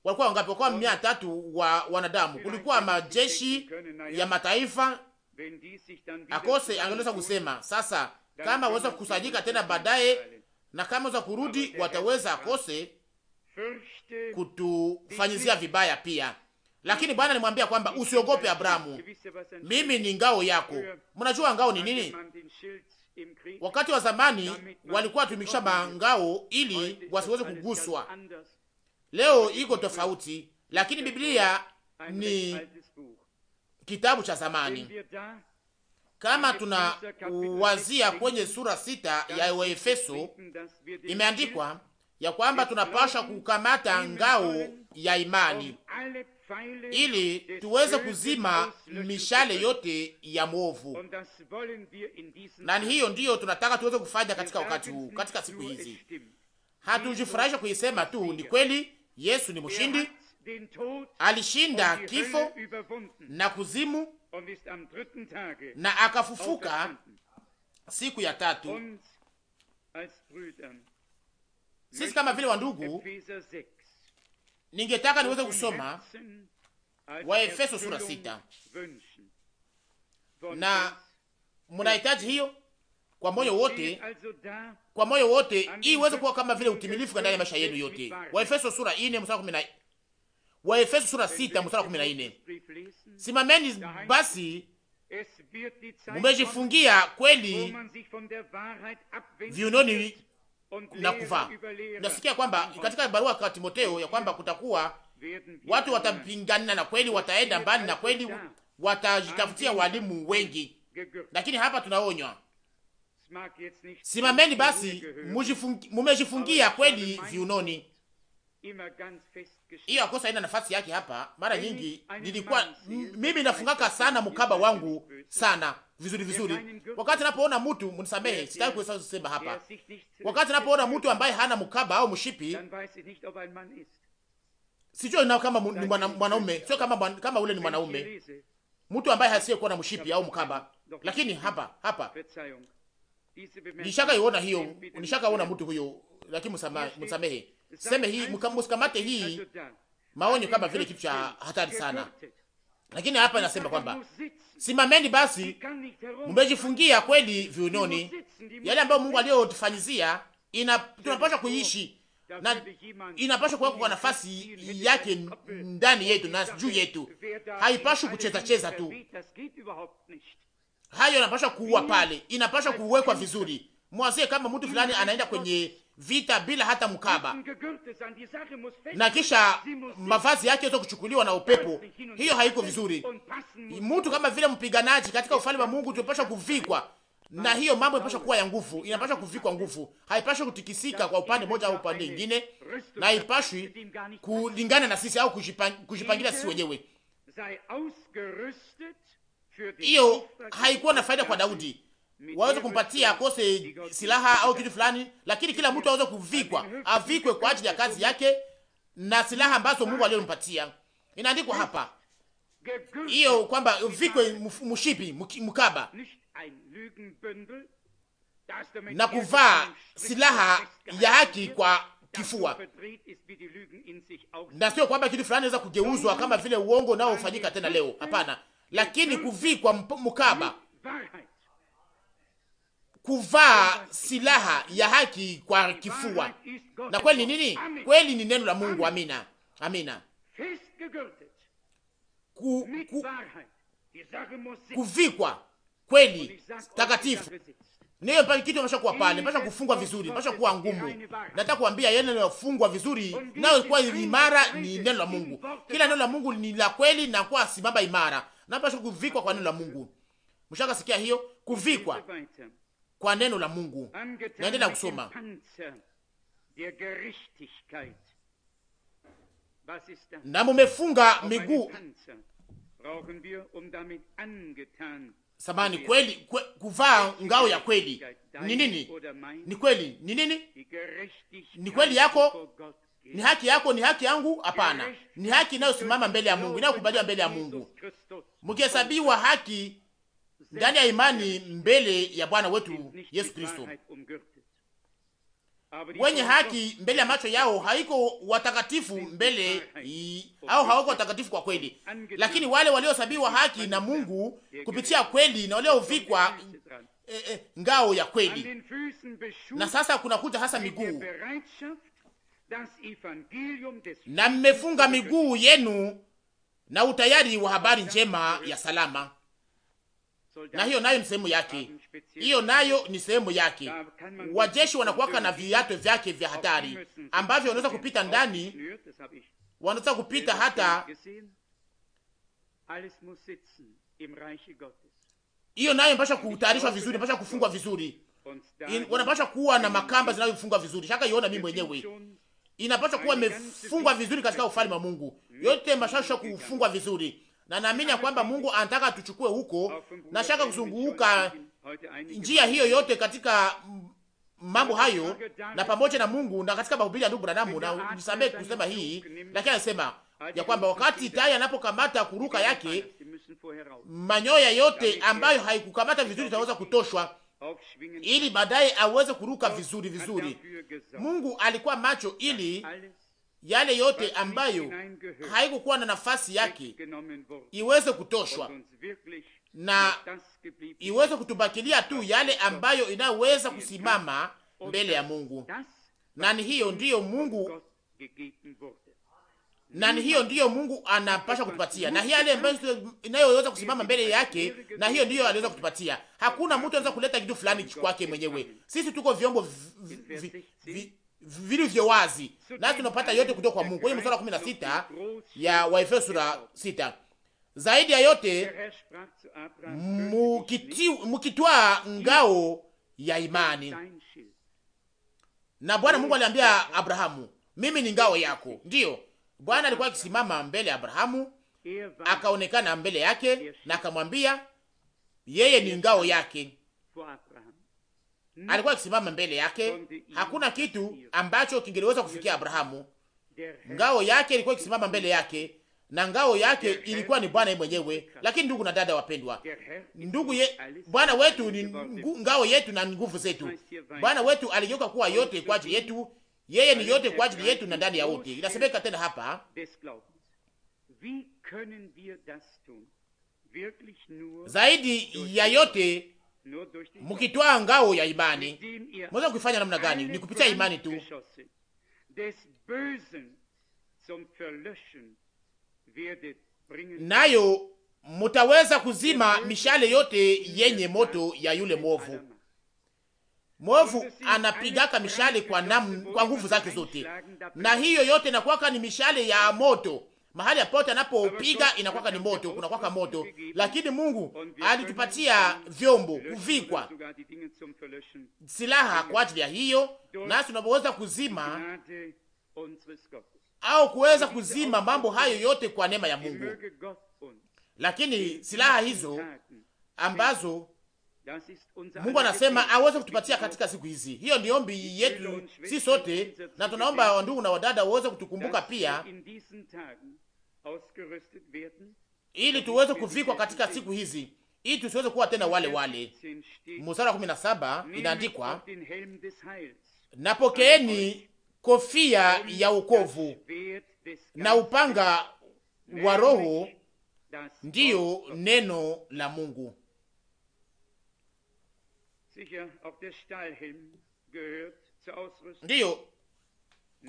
[SPEAKER 1] walikuwa wangapi? Walikuwa mia tatu wa wanadamu, kulikuwa majeshi
[SPEAKER 2] ya mataifa akose. Angeweza
[SPEAKER 1] kusema sasa, kama waweza kukusanyika tena baadaye na kama waweza kurudi, uh, wataweza akose uh, kutufanyizia vibaya pia lakini Bwana alimwambia kwamba usiogope Abrahamu, mimi ni ngao yako. Mnajua ngao ni nini? Wakati wa zamani walikuwa watumikisha mangao ili wasiweze kuguswa. Leo iko tofauti, lakini Biblia ni kitabu cha zamani. Kama tunawazia kwenye sura sita ya Waefeso, imeandikwa ya kwamba tunapasha kukamata ngao ya imani
[SPEAKER 2] ili tuweze
[SPEAKER 1] kuzima mishale yote ya mwovu, na hiyo ndiyo tunataka tuweze kufanya katika wakati huu, katika siku hizi. Hatujifurahisha kuisema tu, ni kweli Yesu ni mshindi,
[SPEAKER 2] alishinda kifo na kuzimu na akafufuka
[SPEAKER 1] siku ya tatu. Sisi kama vile wandugu ningetaka niweze kusoma Waefeso sura sita na mnahitaji hiyo kwa moyo wote, kwa moyo wote, ili iweze kuwa kama vile utimilifu ndani ya maisha yenu yote. Waefeso sura 4 mstari 14, Waefeso sura 6 mstari 14. Simameni basi
[SPEAKER 2] mumejifungia
[SPEAKER 1] kweli viunoni na kuvaa. Nasikia kwamba katika barua kwa Timotheo ya kwamba kutakuwa watu watapingana na kweli, wataenda mbali na kweli, watajitafutia walimu wengi, lakini hapa tunaonywa
[SPEAKER 2] simameni basi,
[SPEAKER 1] mumejifungia kweli viunoni. Hiyo akosa ina nafasi yake hapa. Mara nyingi nilikuwa mimi nafungaka sana mkaba wangu sana vizuri vizuri. Wakati napoona mtu mnisamehe, sitaki kuweza kusema hapa. Wakati napoona mtu ambaye hana mkaba au mshipi, sijui na kama ni mwanaume, sio kama kama ule ni mwanaume, mtu ambaye hasiye kuwa na mshipi au mkaba. Lakini hapa hapa
[SPEAKER 2] nishaka iona hiyo, nishaka
[SPEAKER 1] ona mtu huyo, lakini msamehe, sema hii, msikamate hii maonyo kama vile kitu cha hatari sana. Lakini hapa inasema kwamba simameni basi,
[SPEAKER 2] mmejifungia
[SPEAKER 1] kweli viunoni yale ambayo Mungu aliyotufanyizia, ina tunapaswa kuishi na inapaswa kuwekwa kwa nafasi yake ndani yetu na juu yetu,
[SPEAKER 2] haipaswi kucheza cheza tu.
[SPEAKER 1] Hayo inapaswa kuwa pale, inapaswa kuwekwa vizuri. Mwazie kama mtu fulani anaenda kwenye vita bila hata mkaba,
[SPEAKER 2] na kisha
[SPEAKER 1] mavazi yake yote kuchukuliwa na upepo. Hiyo haiko vizuri. Mtu kama vile mpiganaji katika ufalme wa Mungu tunapaswa kuvikwa na hiyo mambo inapaswa kuwa ya nguvu, inapaswa kuvikwa nguvu, haipaswi kutikisika kwa upande mmoja au upande mwingine, na haipaswi kulingana na sisi au kujipangilia sisi wenyewe.
[SPEAKER 2] Hiyo haikuwa
[SPEAKER 1] na faida kwa Daudi waweze kumpatia akose silaha au kitu fulani, lakini kila mtu aweze kuvikwa, avikwe kwa ajili ya kazi yake na silaha ambazo Mungu aliyompatia. Inaandikwa hapa hiyo kwamba uvikwe mshipi mkaba
[SPEAKER 2] na kuvaa silaha ya haki kwa kifua, na sio kwamba kitu fulani inaweza
[SPEAKER 1] kugeuzwa kama vile uongo nao ufanyika tena leo. Hapana, lakini kuvikwa mkaba kuvaa silaha ya haki kwa kifua.
[SPEAKER 2] Na kweli ni nini? Kweli
[SPEAKER 1] ni neno la Mungu. Amina, amina. Ku,
[SPEAKER 2] ku, kuvikwa
[SPEAKER 1] kweli takatifu niyo mpaka kitu mpasha kuwa pale, mpasha kufungwa vizuri, mpasha kuwa ngumu. Nataka kuambia yeye anayofungwa vizuri nayo kuwa imara ni neno la Mungu. Kila neno la Mungu ni la kweli na kuwa simama imara, na mpasha kuvikwa kwa neno la Mungu. Mshaka sikia hiyo kuvikwa kwa neno la Mungu.
[SPEAKER 2] Naendelea kusoma na mumefunga miguu um
[SPEAKER 1] samani kweli kwe, kuvaa ngao ya kweli ni nini? Ni kweli ni nini?
[SPEAKER 2] Ni kweli yako?
[SPEAKER 1] Ni haki yako? Ni haki yangu? Hapana, ni haki inayosimama mbele ya Mungu, inayokubaliwa mbele ya Mungu, mkihesabiwa haki ndani ya imani mbele ya Bwana wetu Yesu Kristo.
[SPEAKER 2] Wenye haki
[SPEAKER 1] mbele ya macho yao haiko watakatifu mbele au hawako watakatifu kwa kweli, lakini wale waliosabiwa haki na Mungu kupitia kweli na waliovikwa e, e, ngao ya kweli. Na sasa kuja hasa miguu
[SPEAKER 2] na mmefunga miguu
[SPEAKER 1] yenu na utayari wa habari njema ya salama na hiyo nayo ni sehemu yake, hiyo nayo ni sehemu yake. Wajeshi wanakuwaka na viatu vyake vya hatari ambavyo wanaweza kupita ndani, wanaweza kupita hata hiyo nayo mpasha kutayarishwa vizuri, mpasha kufungwa vizuri, wanapasha kuwa na makamba zinazofungwa vizuri. Shaka iona mimi mwenyewe inapasha kuwa imefungwa vizuri katika ufalme wa Mungu, yote mashasha kufungwa vizuri na naamini ya kwamba Mungu anataka tuchukue huko, na shaka kuzunguka njia hiyo yote katika mambo hayo na pamoja na Mungu na katika mahubiri ya ndugu Branamu, na nisamehe kusema hii, lakini anasema ya kwamba wakati tai anapokamata kuruka yake, manyoya yote ambayo haikukamata vizuri itaweza kutoshwa ili baadaye aweze kuruka vizuri vizuri. Mungu alikuwa macho ili yale yote ambayo haikukuwa na nafasi yake
[SPEAKER 2] iweze kutoshwa
[SPEAKER 1] na iweze kutubakilia tu yale ambayo inaweza kusimama mbele ya Mungu. Na ni hiyo ndiyo Mungu, na ni hiyo ndiyo Mungu anapasha kutupatia, na hiyo yale ambayo inayoweza kusimama mbele yake, na hiyo ndiyo aliweza kutupatia. Hakuna mtu anaweza kuleta kitu fulani kwake mwenyewe. Sisi tuko vyombo vi, vi, vi, vilivyo wazi, nasi tunapata yote kutoka kwa Mungu. Kwenye mstari wa 16 ya Waefeso sura 6, zaidi ya yote mukitwaa ngao ya imani. Na Bwana Mungu aliambia Abrahamu, mimi ni ngao yako. Ndiyo, Bwana alikuwa akisimama mbele ya Abrahamu, akaonekana mbele yake na akamwambia yeye ni ngao yake Hmm? alikuwa akisimama mbele yake. Hakuna kitu ambacho kingeliweza kufikia Abrahamu. Ngao yake ilikuwa ikisimama mbele yake na ngao yake ilikuwa ni Bwana mwenyewe. Lakini ndugu na dada wapendwa, ndugu ye, Bwana wetu ni ngao yetu na nguvu zetu. Bwana wetu aligeuka kuwa yote kwa ajili yetu, yeye ni yote kwa ajili yetu na ndani ya wote. Inasemeka tena hapa zaidi ya yote mukitwaa ngao ya imani mweza kuifanya namna gani? Ni kupitia imani tu.
[SPEAKER 2] Nayo
[SPEAKER 1] mutaweza kuzima mishale yote yenye moto ya yule mwovu. Mwovu anapigaka mishale kwa nam, kwa nguvu zake zote, na hiyo yote inakuwaka ni mishale ya moto mahali apote anapoupiga inakwaka ni moto, kunakwaka moto. Lakini Mungu alitupatia vyombo kuvikwa silaha kwa ajili ya hiyo, nasi tunapoweza kuzima au kuweza kuzima mambo hayo yote kwa neema ya Mungu. Lakini silaha hizo ambazo
[SPEAKER 2] Mungu anasema
[SPEAKER 1] aweze kutupatia katika siku hizi. Hiyo ni ombi yetu si sote, na tunaomba wandugu na wadada waweze kutukumbuka pia, ili tuweze kuvikwa katika siku hizi, ili tusiweze kuwa tena wale wale. Mstari wa 17 inaandikwa, napokeeni kofia ya ukovu na upanga wa Roho, ndiyo neno la Mungu ndiyo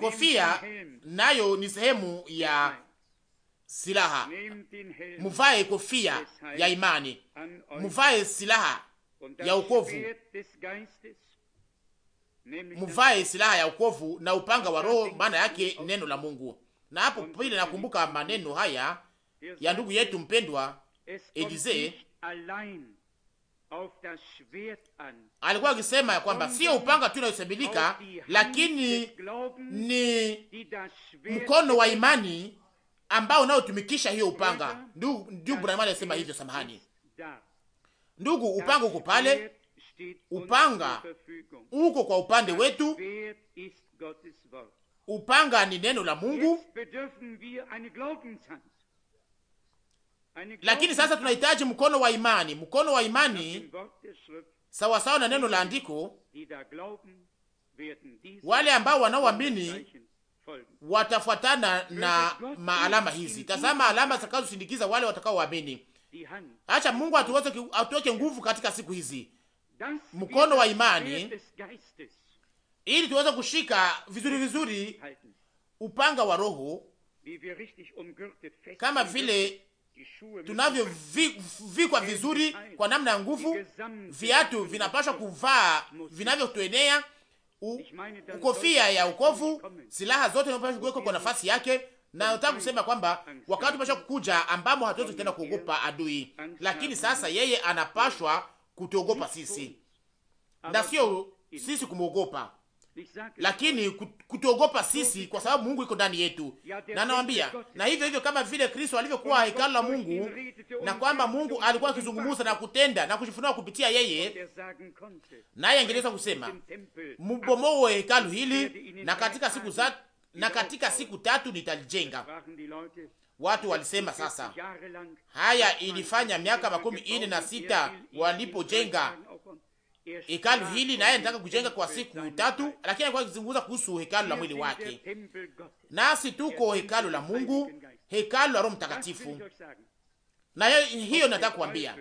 [SPEAKER 1] kofia nayo ni sehemu ya silaha.
[SPEAKER 2] Muvae kofia ya imani, muvae
[SPEAKER 1] silaha
[SPEAKER 2] ya ukovu, muvae
[SPEAKER 1] silaha ya ukovu na upanga wa Roho, maana yake neno la Mungu. Na hapo pile nakumbuka maneno haya ya ndugu yetu mpendwa
[SPEAKER 2] Elize
[SPEAKER 1] alikuwa akisema ya kwamba sio upanga tu inayosabilika, lakini
[SPEAKER 2] ni
[SPEAKER 1] mkono wa imani ambao unaotumikisha hiyo upanga. Ndugu Branham alisema hivyo, samahani ndugu, upanga uko pale,
[SPEAKER 2] upanga
[SPEAKER 1] uko kwa upande wetu. Upanga ni neno la Mungu.
[SPEAKER 2] Lakini sasa tunahitaji
[SPEAKER 1] mkono wa imani, mkono wa imani sawa sawa na neno la andiko. Wale ambao wanaoamini watafuatana na maalama hizi. Tazama alama zitakazosindikiza wale watakaoamini. Acha Mungu atuweze atuweke nguvu katika siku hizi, mkono wa imani, ili tuweze kushika vizuri vizuri upanga wa Roho kama vile tunavyovikwa vizuri kwa namna ya nguvu, viatu vinapaswa kuvaa vinavyotuenea, kofia ya ukovu, silaha zote zinapaswa kuwekwa kwa nafasi yake. Na nataka kusema kwamba wakati pasha kukuja ambamo hatuwezi tena kuogopa adui, lakini sasa yeye anapashwa kutuogopa sisi na sio sisi kumwogopa lakini kutuogopa sisi, kwa sababu Mungu iko ndani yetu.
[SPEAKER 2] Na nawaambia na
[SPEAKER 1] hivyo hivyo, kama vile Kristo alivyokuwa hekalu la Mungu, na kwamba Mungu alikuwa akizungumza na kutenda na kujifunua kupitia yeye, naye angeweza kusema mbomoe hekalu hili, na katika siku za, na katika siku tatu nitalijenga. Watu walisema sasa, haya ilifanya miaka makumi ine na sita walipojenga hekalu hili, naye nataka kujenga kwa siku tatu, lakini alikuwa akizungumza kuhusu hekalu la mwili wake. Nasi tuko hekalu la Mungu, hekalu la Roho Mtakatifu, na hiyo nataka kuambia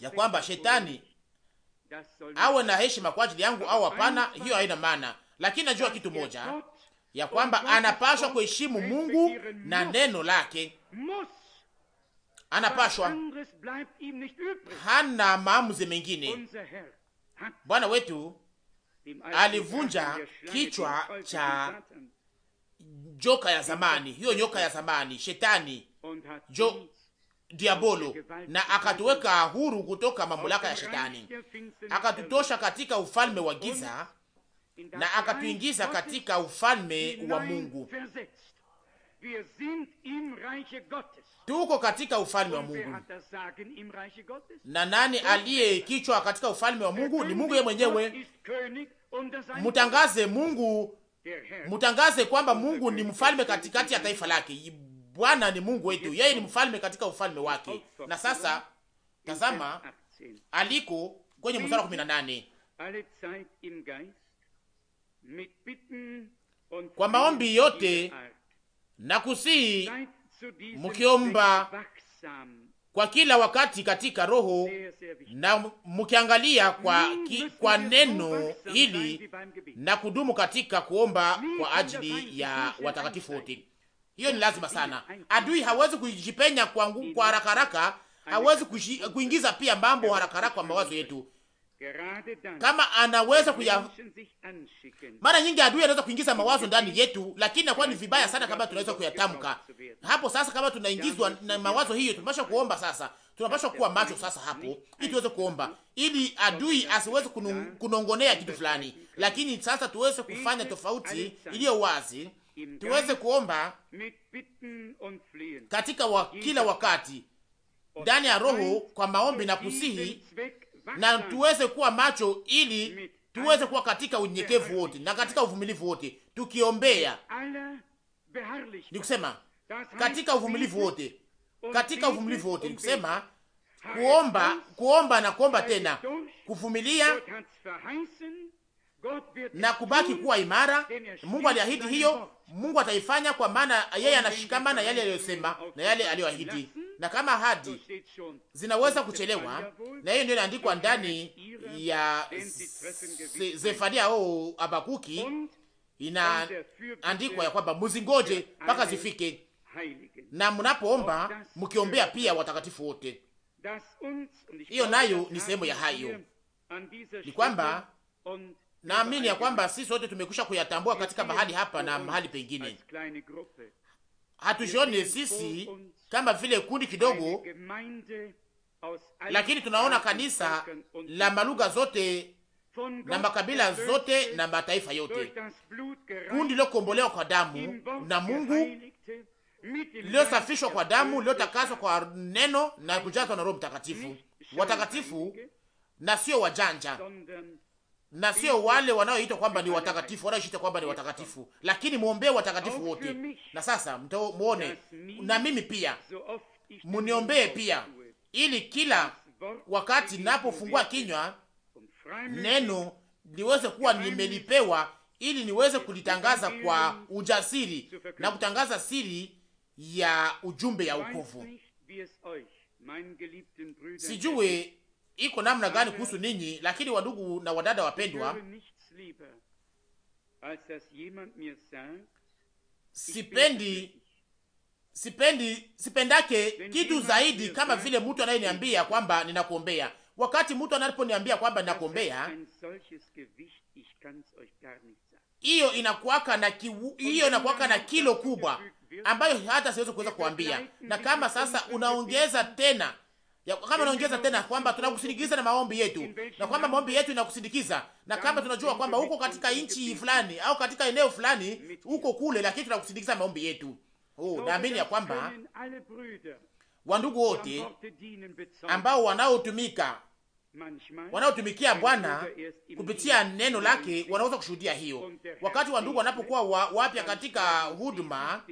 [SPEAKER 1] ya kwamba shetani awe na heshima kwa ajili yangu au hapana, hiyo haina maana, lakini najua kitu moja ya kwamba anapashwa kuheshimu Mungu na neno lake, anapashwa, hana maamuzi mengine. Bwana wetu alivunja kichwa cha joka ya zamani, hiyo nyoka ya zamani, shetani jo diabolo, na akatuweka huru kutoka mamlaka ya shetani, akatutosha katika ufalme wa giza na akatuingiza katika ufalme wa Mungu tuko katika ufalme wa Mungu. Na nani aliye kichwa katika ufalme wa Mungu? Ni Mungu yeye mwenyewe.
[SPEAKER 2] Mutangaze
[SPEAKER 1] Mungu, mutangaze kwamba Mungu ni mfalme katikati ya taifa lake. Bwana ni Mungu wetu, yeye ni mfalme katika ufalme wake. Na sasa tazama aliko kwenye mstari wa 18
[SPEAKER 2] kwa maombi yote
[SPEAKER 1] na kusii
[SPEAKER 2] mkiomba
[SPEAKER 1] kwa kila wakati katika roho na mkiangalia kwa, ki, kwa neno hili na kudumu katika kuomba kwa ajili ya watakatifu wote. Hiyo ni lazima sana. Adui hawezi kujipenya kwa haraka haraka, hawezi kuingiza pia mambo haraka haraka kwa mawazo yetu
[SPEAKER 2] kama anaweza kuya. Mara nyingi
[SPEAKER 1] adui anaweza kuingiza mawazo ndani yetu, lakini nakuwa ni vibaya sana kama tunaweza kuyatamka hapo. Sasa kama tunaingizwa na mawazo hiyo, tunapaswa kuomba sasa, tunapaswa kuwa macho sasa hapo, ili tuweze kuomba, ili adui asiweze kunongonea kitu fulani. Lakini sasa tuweze kufanya tofauti iliyo wazi, tuweze kuomba katika wa, kila wakati ndani ya Roho kwa maombi na kusihi na tuweze kuwa macho, ili tuweze kuwa katika unyenyekevu wote na katika uvumilivu wote, tukiombea ni kusema
[SPEAKER 2] katika uvumilivu
[SPEAKER 1] wote, katika uvumilivu wote ni kusema kuomba, kuomba na kuomba tena, kuvumilia na kubaki kuwa imara. Er Mungu aliahidi hiyo, Mungu ataifanya, kwa maana yeye anashikamana na yale aliyosema na yale aliyoahidi na kama ahadi zinaweza kuchelewa, na hiyo ndio inaandikwa ndani ya Zefania au Abakuki, inaandikwa ya kwamba muzingoje mpaka zifike, na mnapoomba mkiombea pia watakatifu wote. Hiyo nayo ni sehemu ya hayo, ni kwamba naamini ya kwamba sisi wote tumekwisha kuyatambua katika mahali hapa na mahali pengine hatujione sisi kama vile kundi kidogo,
[SPEAKER 2] lakini tunaona
[SPEAKER 1] kanisa la malugha zote
[SPEAKER 2] na makabila zote
[SPEAKER 1] na mataifa yote, kundi lilokombolewa kwa damu na Mungu,
[SPEAKER 2] lililosafishwa
[SPEAKER 1] kwa damu, lililotakaswa kwa neno na kujazwa na Roho Mtakatifu, watakatifu na sio wajanja, na sio wale wanaoitwa kwamba ni watakatifu, wanaoshita kwamba ni watakatifu, lakini mwombee watakatifu wote. Na sasa mtamuone na mimi pia, mniombee pia, ili kila wakati napofungua kinywa
[SPEAKER 2] neno
[SPEAKER 1] liweze kuwa nimelipewa, ili niweze kulitangaza kwa ujasiri na kutangaza siri ya ujumbe ya ukovu.
[SPEAKER 2] Sijui
[SPEAKER 1] iko namna gani kuhusu ninyi, lakini wandugu na wadada wapendwa, sipendi sipendi sipendake kitu zaidi kama er vile mtu anayeniambia kwamba ninakuombea. Wakati mtu anaponiambia kwamba ninakuombea, hiyo inakuwaka na hiyo inakuwaka na kilo kubwa ambayo hata siwezi kuweza er kuambia. Na kama sasa unaongeza tena ya kama naongeza tena kwamba tunakusindikiza na maombi yetu, na kwamba maombi yetu inakusindikiza, na kama tunajua kwamba huko katika nchi fulani au katika eneo fulani huko kule, lakini tunakusindikiza maombi yetu. Oh, naamini ya kwamba wandugu wote ambao wanaotumika wanaotumikia Bwana kupitia neno lake wanaweza kushuhudia hiyo. Wakati wa ndugu wanapokuwa wa, wapya katika huduma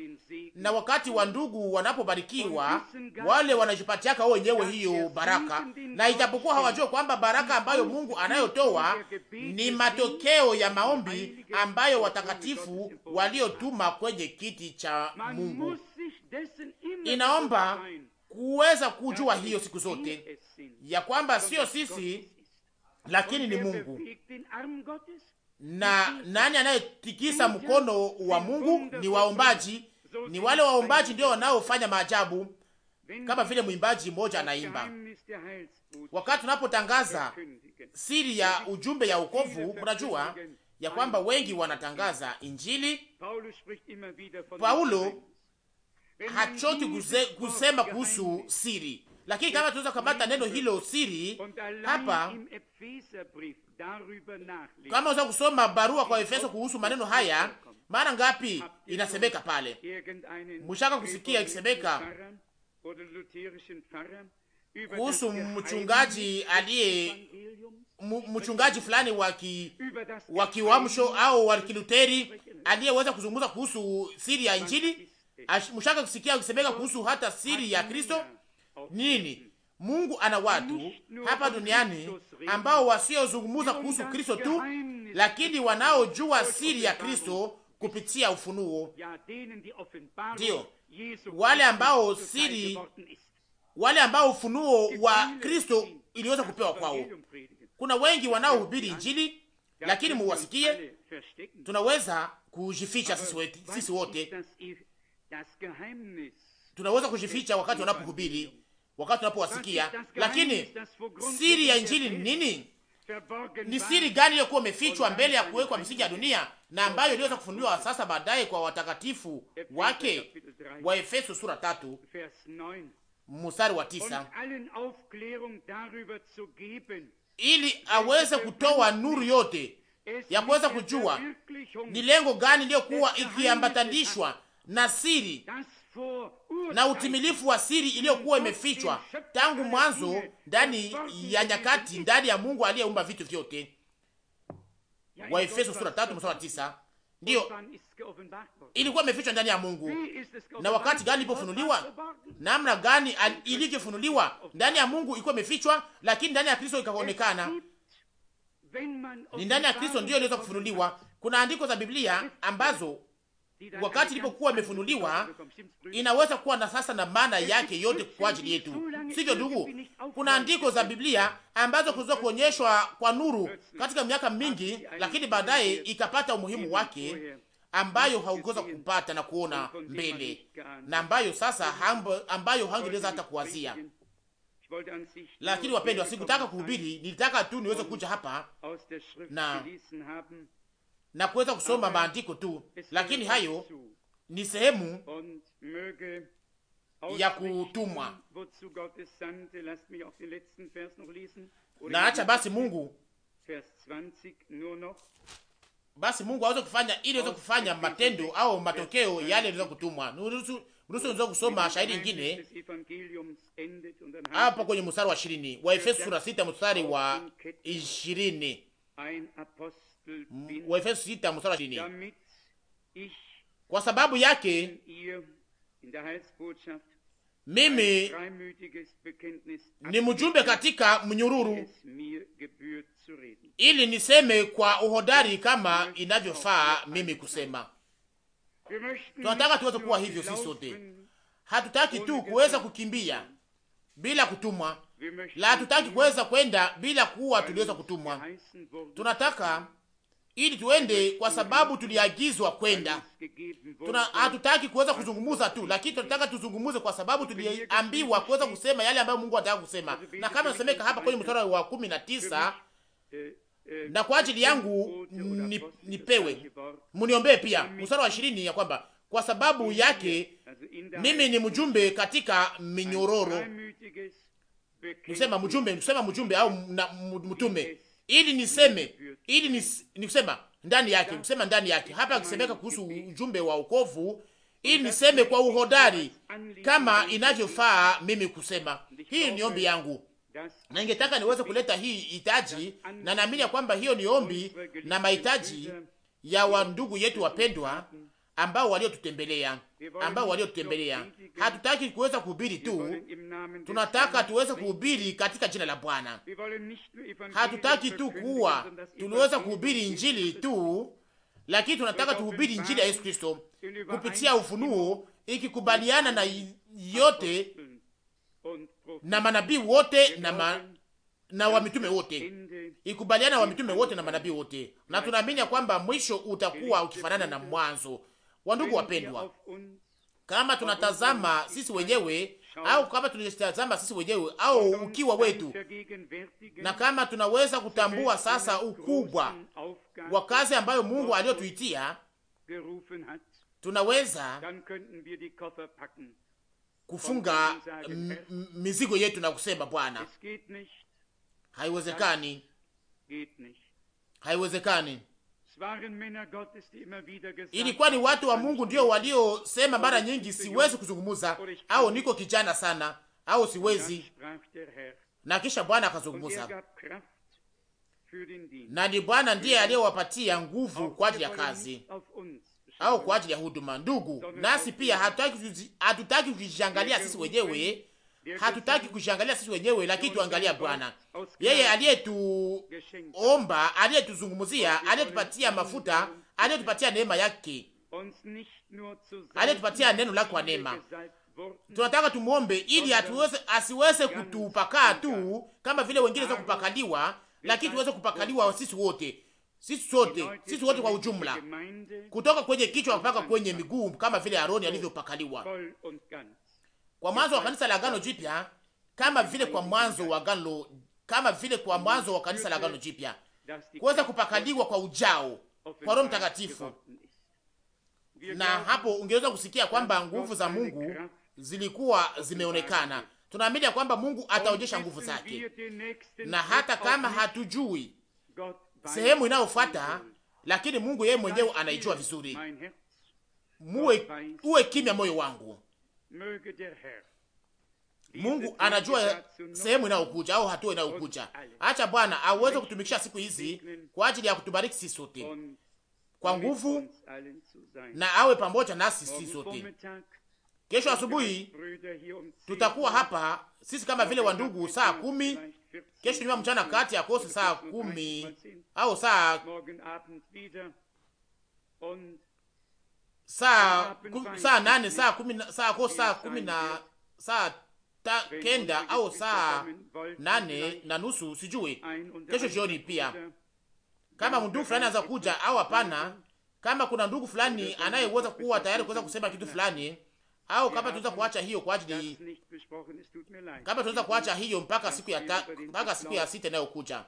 [SPEAKER 1] na wakati wa ndugu wanapobarikiwa, wale wanajipatiaka wao wenyewe hiyo baraka, na ijapokuwa hawajue kwamba baraka ambayo Mungu anayotoa ni matokeo ya maombi ambayo watakatifu waliotuma kwenye kiti cha Mungu.
[SPEAKER 2] Inaomba
[SPEAKER 1] kuweza kujua hiyo siku zote ya kwamba sio sisi, lakini ni Mungu. Na nani anayetikisa mkono wa Mungu? Ni waombaji, ni wale waombaji ndio wanaofanya maajabu, kama vile mwimbaji mmoja anaimba, wakati tunapotangaza siri ya ujumbe ya wokovu. Mnajua ya kwamba wengi wanatangaza Injili.
[SPEAKER 2] Paulo
[SPEAKER 1] hachoki kusema kuhusu siri, lakini kama tunaweza kukamata neno hilo siri hapa, kama unaweza kusoma barua kwa Efeso kuhusu maneno haya mara ngapi inasemeka pale.
[SPEAKER 2] Mshaka kusikia ikisemeka
[SPEAKER 1] kuhusu mchungaji aliye mchungaji fulani wa kiwamsho au wa kiluteri aliyeweza kuzungumza kuhusu siri ya Injili mshaka kusikia kusemeka kuhusu hata siri ya Kristo nini? Mungu ana watu hapa duniani ambao wasiozungumza kuhusu Kristo tu, lakini wanaojua siri ya Kristo kupitia ufunuo.
[SPEAKER 2] ndio wale ambao siri,
[SPEAKER 1] wale ambao ufunuo wa Kristo iliweza kupewa kwao. Kuna wengi wanaohubiri Injili, lakini muwasikie. Tunaweza kujificha sisi wote, sisi wote Tunaweza kujificha wakati wanapohubiri, wakati wanapowasikia, lakini
[SPEAKER 2] siri ya injili ni nini? Ni siri gani
[SPEAKER 1] iliyokuwa imefichwa mbele ya kuwekwa misingi ya dunia na ambayo iliweza kufunuliwa sasa baadaye kwa watakatifu wake wa Efeso sura tatu mstari wa tisa ili aweze kutoa nuru yote ya kuweza kujua ni lengo gani iliyokuwa ikiambatanishwa na siri na utimilifu wa siri iliyokuwa imefichwa tangu mwanzo ndani ya nyakati, ndani ya Mungu aliyeumba vitu vyote. Waefeso sura 3 mstari wa tisa. Ndiyo ilikuwa imefichwa ndani ya Mungu.
[SPEAKER 2] Na wakati gani ilipofunuliwa?
[SPEAKER 1] Namna gani ilivyofunuliwa ndani ya Mungu? Ilikuwa imefichwa, lakini ndani ya Kristo ikaonekana.
[SPEAKER 2] Ni ndani ya Kristo ndiyo
[SPEAKER 1] iliweza kufunuliwa. Kuna andiko za Biblia ambazo wakati ilipokuwa imefunuliwa inaweza kuwa na sasa na maana yake yote kwa ajili yetu, sivyo ndugu? Kuna andiko za Biblia ambazo kuweza kuonyeshwa kwa nuru katika miaka mingi, lakini baadaye ikapata umuhimu wake ambayo haungeweza kupata na kuona mbele na ambayo sasa ambayo hangeweza hata kuwazia. Lakini wapendwa, sikutaka kuhubiri, nilitaka tu niweze kuja hapa na na kuweza kusoma maandiko tu, lakini hayo ni sehemu ya kutumwa.
[SPEAKER 2] Na acha basi Mungu
[SPEAKER 1] basi Mungu aweze kufanya ili aweze kufanya matendo au matokeo yale aliweza kutumwa. Nuruhusu ruhusu nzo kusoma shahidi nyingine
[SPEAKER 2] hapo kwenye mstari wa 20
[SPEAKER 1] wa Efeso sura 6 mstari wa 20. Mm, Waefeso sita mstari ishirini. Kwa sababu yake mimi ni mjumbe katika mnyururu, ili niseme kwa uhodari kama inavyofaa mimi kusema.
[SPEAKER 2] Tunataka tuweze kuwa hivyo sisi sote.
[SPEAKER 1] Hatutaki tu kuweza kukimbia bila kutumwa, la hatutaki kuweza kwenda bila kuwa tuliweza kutumwa. Tunataka ili tuende, kwa sababu tuliagizwa kwenda. Tuna hatutaki kuweza kuzungumuza tu, lakini tunataka tuzungumuze, kwa sababu tuliambiwa kuweza kusema yale ambayo Mungu anataka kusema, na kama nasemeka hapa kwenye mstari wa kumi na tisa na kwa ajili yangu nipewe muniombee pia. Mstari wa ishirini ya kwamba kwa sababu yake mimi ni mjumbe katika minyororo, msema mjumbe, msema mjumbe au mtume ili niseme, ili nis, nikusema ndani yake, kusema ndani yake hapa akisemeka kuhusu ujumbe wa wokovu, ili niseme kwa uhodari kama inavyofaa mimi kusema. Hii ni ombi yangu na ningetaka niweze kuleta hii hitaji, na naamini ya kwamba hiyo ni ombi na mahitaji ya wandugu yetu wapendwa ambao waliotutembelea, ambao waliotutembelea. Hatutaki kuweza kuhubiri tu, tunataka tuweze kuhubiri katika jina la Bwana. Hatutaki tu kuwa tuliweza kuhubiri injili tu, lakini tunataka tuhubiri injili ya Yesu Kristo kupitia ufunuo, ikikubaliana na yote na manabii wote na ma na wamitume wote ikubaliana, mitume wote na manabii wote, na tunaamini kwamba mwisho utakuwa ukifanana na mwanzo, Wandugu wapendwa, kama tunatazama sisi wenyewe au kama tunatazama sisi wenyewe au ukiwa wetu, na kama tunaweza kutambua sasa ukubwa wa kazi ambayo Mungu aliyotuitia, tunaweza kufunga mizigo yetu na kusema Bwana, haiwezekani, haiwezekani Ilikuwa ni watu wa Mungu ndio waliosema mara nyingi, siwezi kuzungumuza, au niko kijana sana, au siwezi. Na kisha Bwana akazungumuza,
[SPEAKER 2] er na ni
[SPEAKER 1] Bwana ndiye aliyewapatia nguvu kwa ajili ya kazi au kwa ajili ya huduma. Ndugu, nasi pia hatutaki kujishangalia sisi wenyewe hatutaki kujiangalia sisi wenyewe, lakini tuangalia Bwana, yeye aliyetuomba, aliyetuzungumzia, aliyetupatia mafuta, aliyetupatia neema yake, aliyetupatia neno lako kwa neema. Tunataka tumwombe ili atuweze, asiweze kutupakaa tu kama vile wengine za kupakaliwa, lakini tuweze kupakaliwa sisi wote sisi sote sisi wote kwa ujumla, kutoka kwenye kichwa mpaka kwenye miguu, kama vile Aroni alivyopakaliwa kwa mwanzo wa kanisa la Agano Jipya kama vile kwa mwanzo wa Agano kama vile kwa mwanzo wa kanisa la Agano Jipya kuweza kupakaliwa kwa ujao kwa Roho Mtakatifu, na hapo ungeweza kusikia kwamba nguvu za Mungu zilikuwa zimeonekana. Tunaamini ya kwamba Mungu ataonyesha nguvu zake,
[SPEAKER 2] na hata kama
[SPEAKER 1] hatujui sehemu inayofuata, lakini Mungu yeye mwenyewe anaijua vizuri. Muwe uwe kimya moyo wangu Mungu anajua sehemu inayokuja au hatua inayokuja. Acha Bwana aweze kutumikisha siku hizi kwa ajili ya kutubariki sisi sote kwa um nguvu,
[SPEAKER 2] na awe pamoja
[SPEAKER 1] nasi sisi sote. Kesho asubuhi um tutakuwa hapa sisi kama vile wandugu saa kumi. Kesho nyuma mchana kati ya kosi saa kumi au saa saa kum, saa nane saa kumi saa ko saa kumi na saa ta, kenda au saa nane na nusu sijui, kesho jioni pia, kama ndugu fulani anaweza kuja au hapana, kama kuna ndugu fulani anayeweza kuwa tayari kuweza kusema kitu fulani au kama tunaweza kuacha hiyo kwa ajili kama tunaweza kuacha hiyo mpaka siku ya ta, mpaka siku ya sita inayokuja.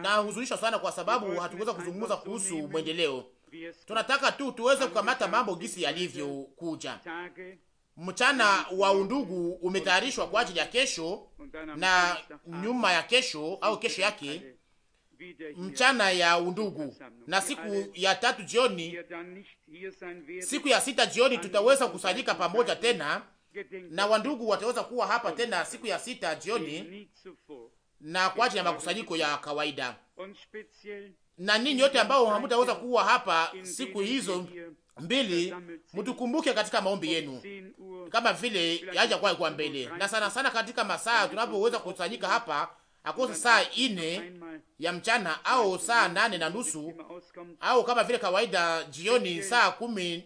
[SPEAKER 1] Na huzunisha sana kwa sababu hatuweza kuzungumza kuhusu mwendeleo Tunataka tu tuweze kukamata mambo gisi yalivyokuja. Mchana wa undugu umetayarishwa kwa ajili ya kesho na nyuma ya kesho au kesho yake mchana ya undugu, na siku ya tatu jioni, siku ya sita jioni tutaweza kukusanyika pamoja tena, na wandugu wataweza kuwa hapa tena siku ya sita jioni, na kwa ajili ya makusanyiko ya kawaida na ninyi yote ambao hamtaweza kuwa hapa siku hizo mbili, mtukumbuke katika maombi yenu, kama vile haja kwa kwa mbele, na sana sana katika masaa tunapoweza kusanyika hapa akosa saa ine ya mchana au saa nane na nusu au kama vile kawaida jioni saa kumi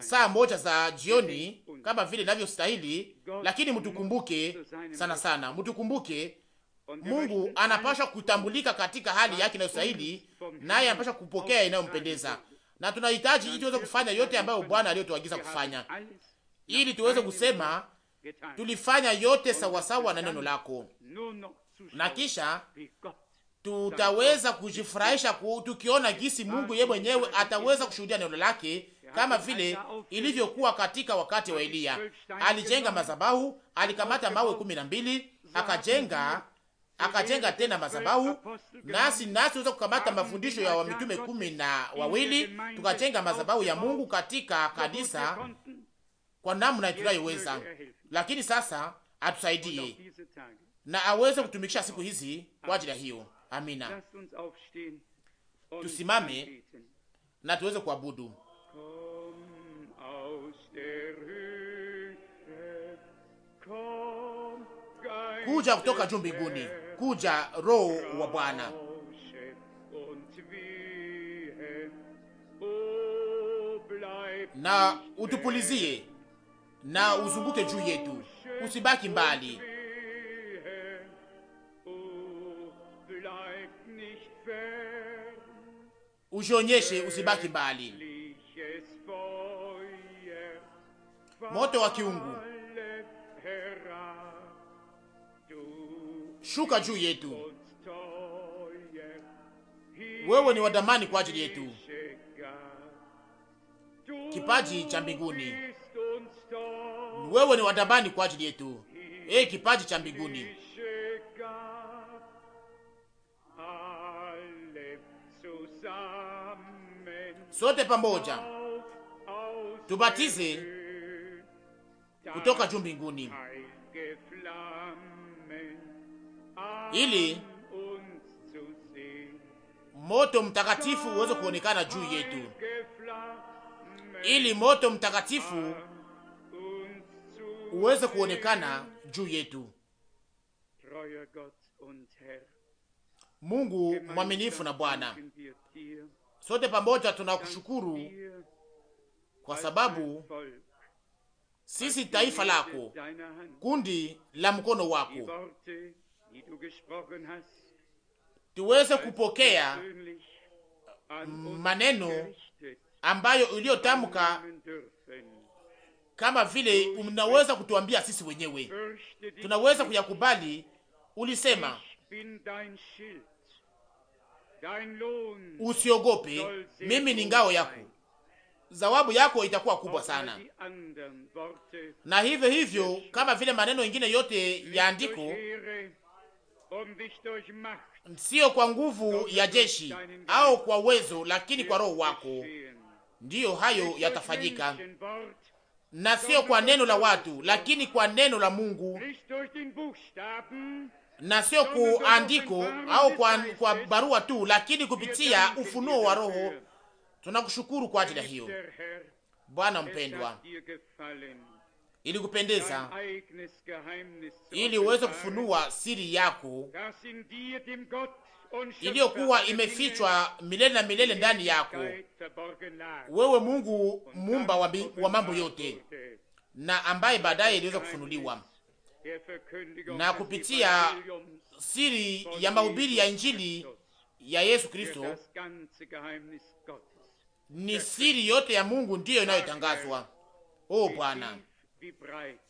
[SPEAKER 1] saa moja za jioni kama vile inavyostahili, lakini mtukumbuke sana sana, mtukumbuke Mungu anapasha kutambulika katika hali yake inayostahili, naye anapasha kupokea inayompendeza, na tunahitaji ili tuweze kufanya yote ambayo Bwana aliyotuagiza kufanya, ili tuweze kusema tulifanya yote sawasawa na neno lako, na kisha tutaweza kujifurahisha tukiona jinsi Mungu yeye mwenyewe ataweza kushuhudia neno lake kama vile ilivyokuwa katika wakati wa Eliya. Alijenga mazabahu, alikamata mawe kumi na mbili akajenga akajenga tena mazabahu, nasi nasi weza kukamata mafundisho ya wamitume kumi na wawili, tukajenga mazabahu ya Mungu katika kanisa kwa namna tunayoweza. Lakini sasa atusaidie na aweze kutumikisha siku hizi kwa ajili ya hiyo. Amina, tusimame na tuweze kuabudu. Kuja kutoka juu mbinguni kuja Roho wa Bwana na utupulizie na uzunguke juu yetu, usibaki mbali. Ujionyeshe, usibaki mbali.
[SPEAKER 2] Moto wa kiungu
[SPEAKER 1] shuka juu yetu, wewe ni wadamani kwa ajili yetu, kipaji cha mbinguni, wewe ni wadamani kwa ajili yetu, e kipaji cha mbinguni sote pamoja tubatize kutoka juu mbinguni. ili moto mtakatifu uweze kuonekana juu yetu, ili moto mtakatifu uweze kuonekana juu yetu. Mungu mwaminifu na Bwana, sote pamoja tunakushukuru kwa sababu sisi taifa lako, kundi la mkono wako tuweze kupokea maneno ambayo uliyotamka kama vile unaweza kutuambia sisi wenyewe tunaweza kuyakubali. Ulisema, usiogope, mimi ni ngao yako, zawabu yako itakuwa kubwa sana. Na hivyo hivyo, kama vile maneno mengine yote ya andiko sio kwa nguvu ya jeshi au kwa uwezo, lakini kwa roho wako, ndiyo hayo yatafanyika, na sio kwa neno la watu, lakini kwa neno la Mungu, na sio kuandiko au kwa, kwa barua tu, lakini kupitia ufunuo wa Roho. Tunakushukuru kwa ajili ya hiyo,
[SPEAKER 2] Bwana mpendwa
[SPEAKER 1] ili kupendeza, ili uweze kufunua siri yako
[SPEAKER 2] iliyokuwa
[SPEAKER 1] imefichwa milele na milele ndani yako, wewe Mungu mumba wa, wa mambo yote, na ambaye baadaye iliweza kufunuliwa
[SPEAKER 2] na kupitia
[SPEAKER 1] siri ya mahubiri ya Injili ya Yesu Kristo. Ni siri yote ya Mungu ndiyo inayotangazwa. Oh Bwana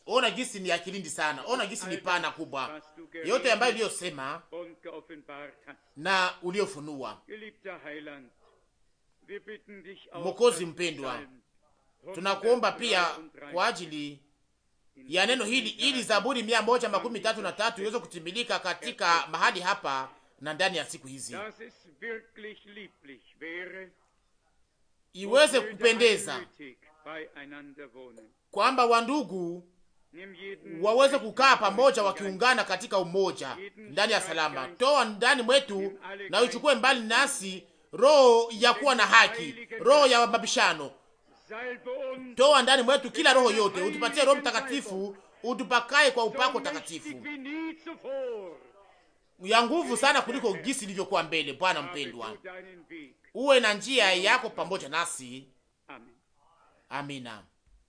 [SPEAKER 1] Ona gisi ni akilindi sana, ona gisi ni pana kubwa, yote ambayo uliyosema na uliofunua. Mokozi mpendwa, tunakuomba pia kwa ajili ya neno hili, ili Zaburi mia moja makumi tatu na tatu iweze kutimilika katika mahali hapa na ndani ya siku hizi, iweze kupendeza kwamba wandugu waweze kukaa pamoja wakiungana katika umoja ndani ya salama. Toa ndani mwetu na uchukue mbali nasi roho ya kuwa na haki, roho ya mabishano. Toa ndani mwetu kila roho yote, utupatie Roho Mtakatifu, utupakae kwa upako takatifu ya nguvu sana kuliko gisi ilivyokuwa mbele. Bwana mpendwa, uwe na njia yako pamoja nasi. Amina.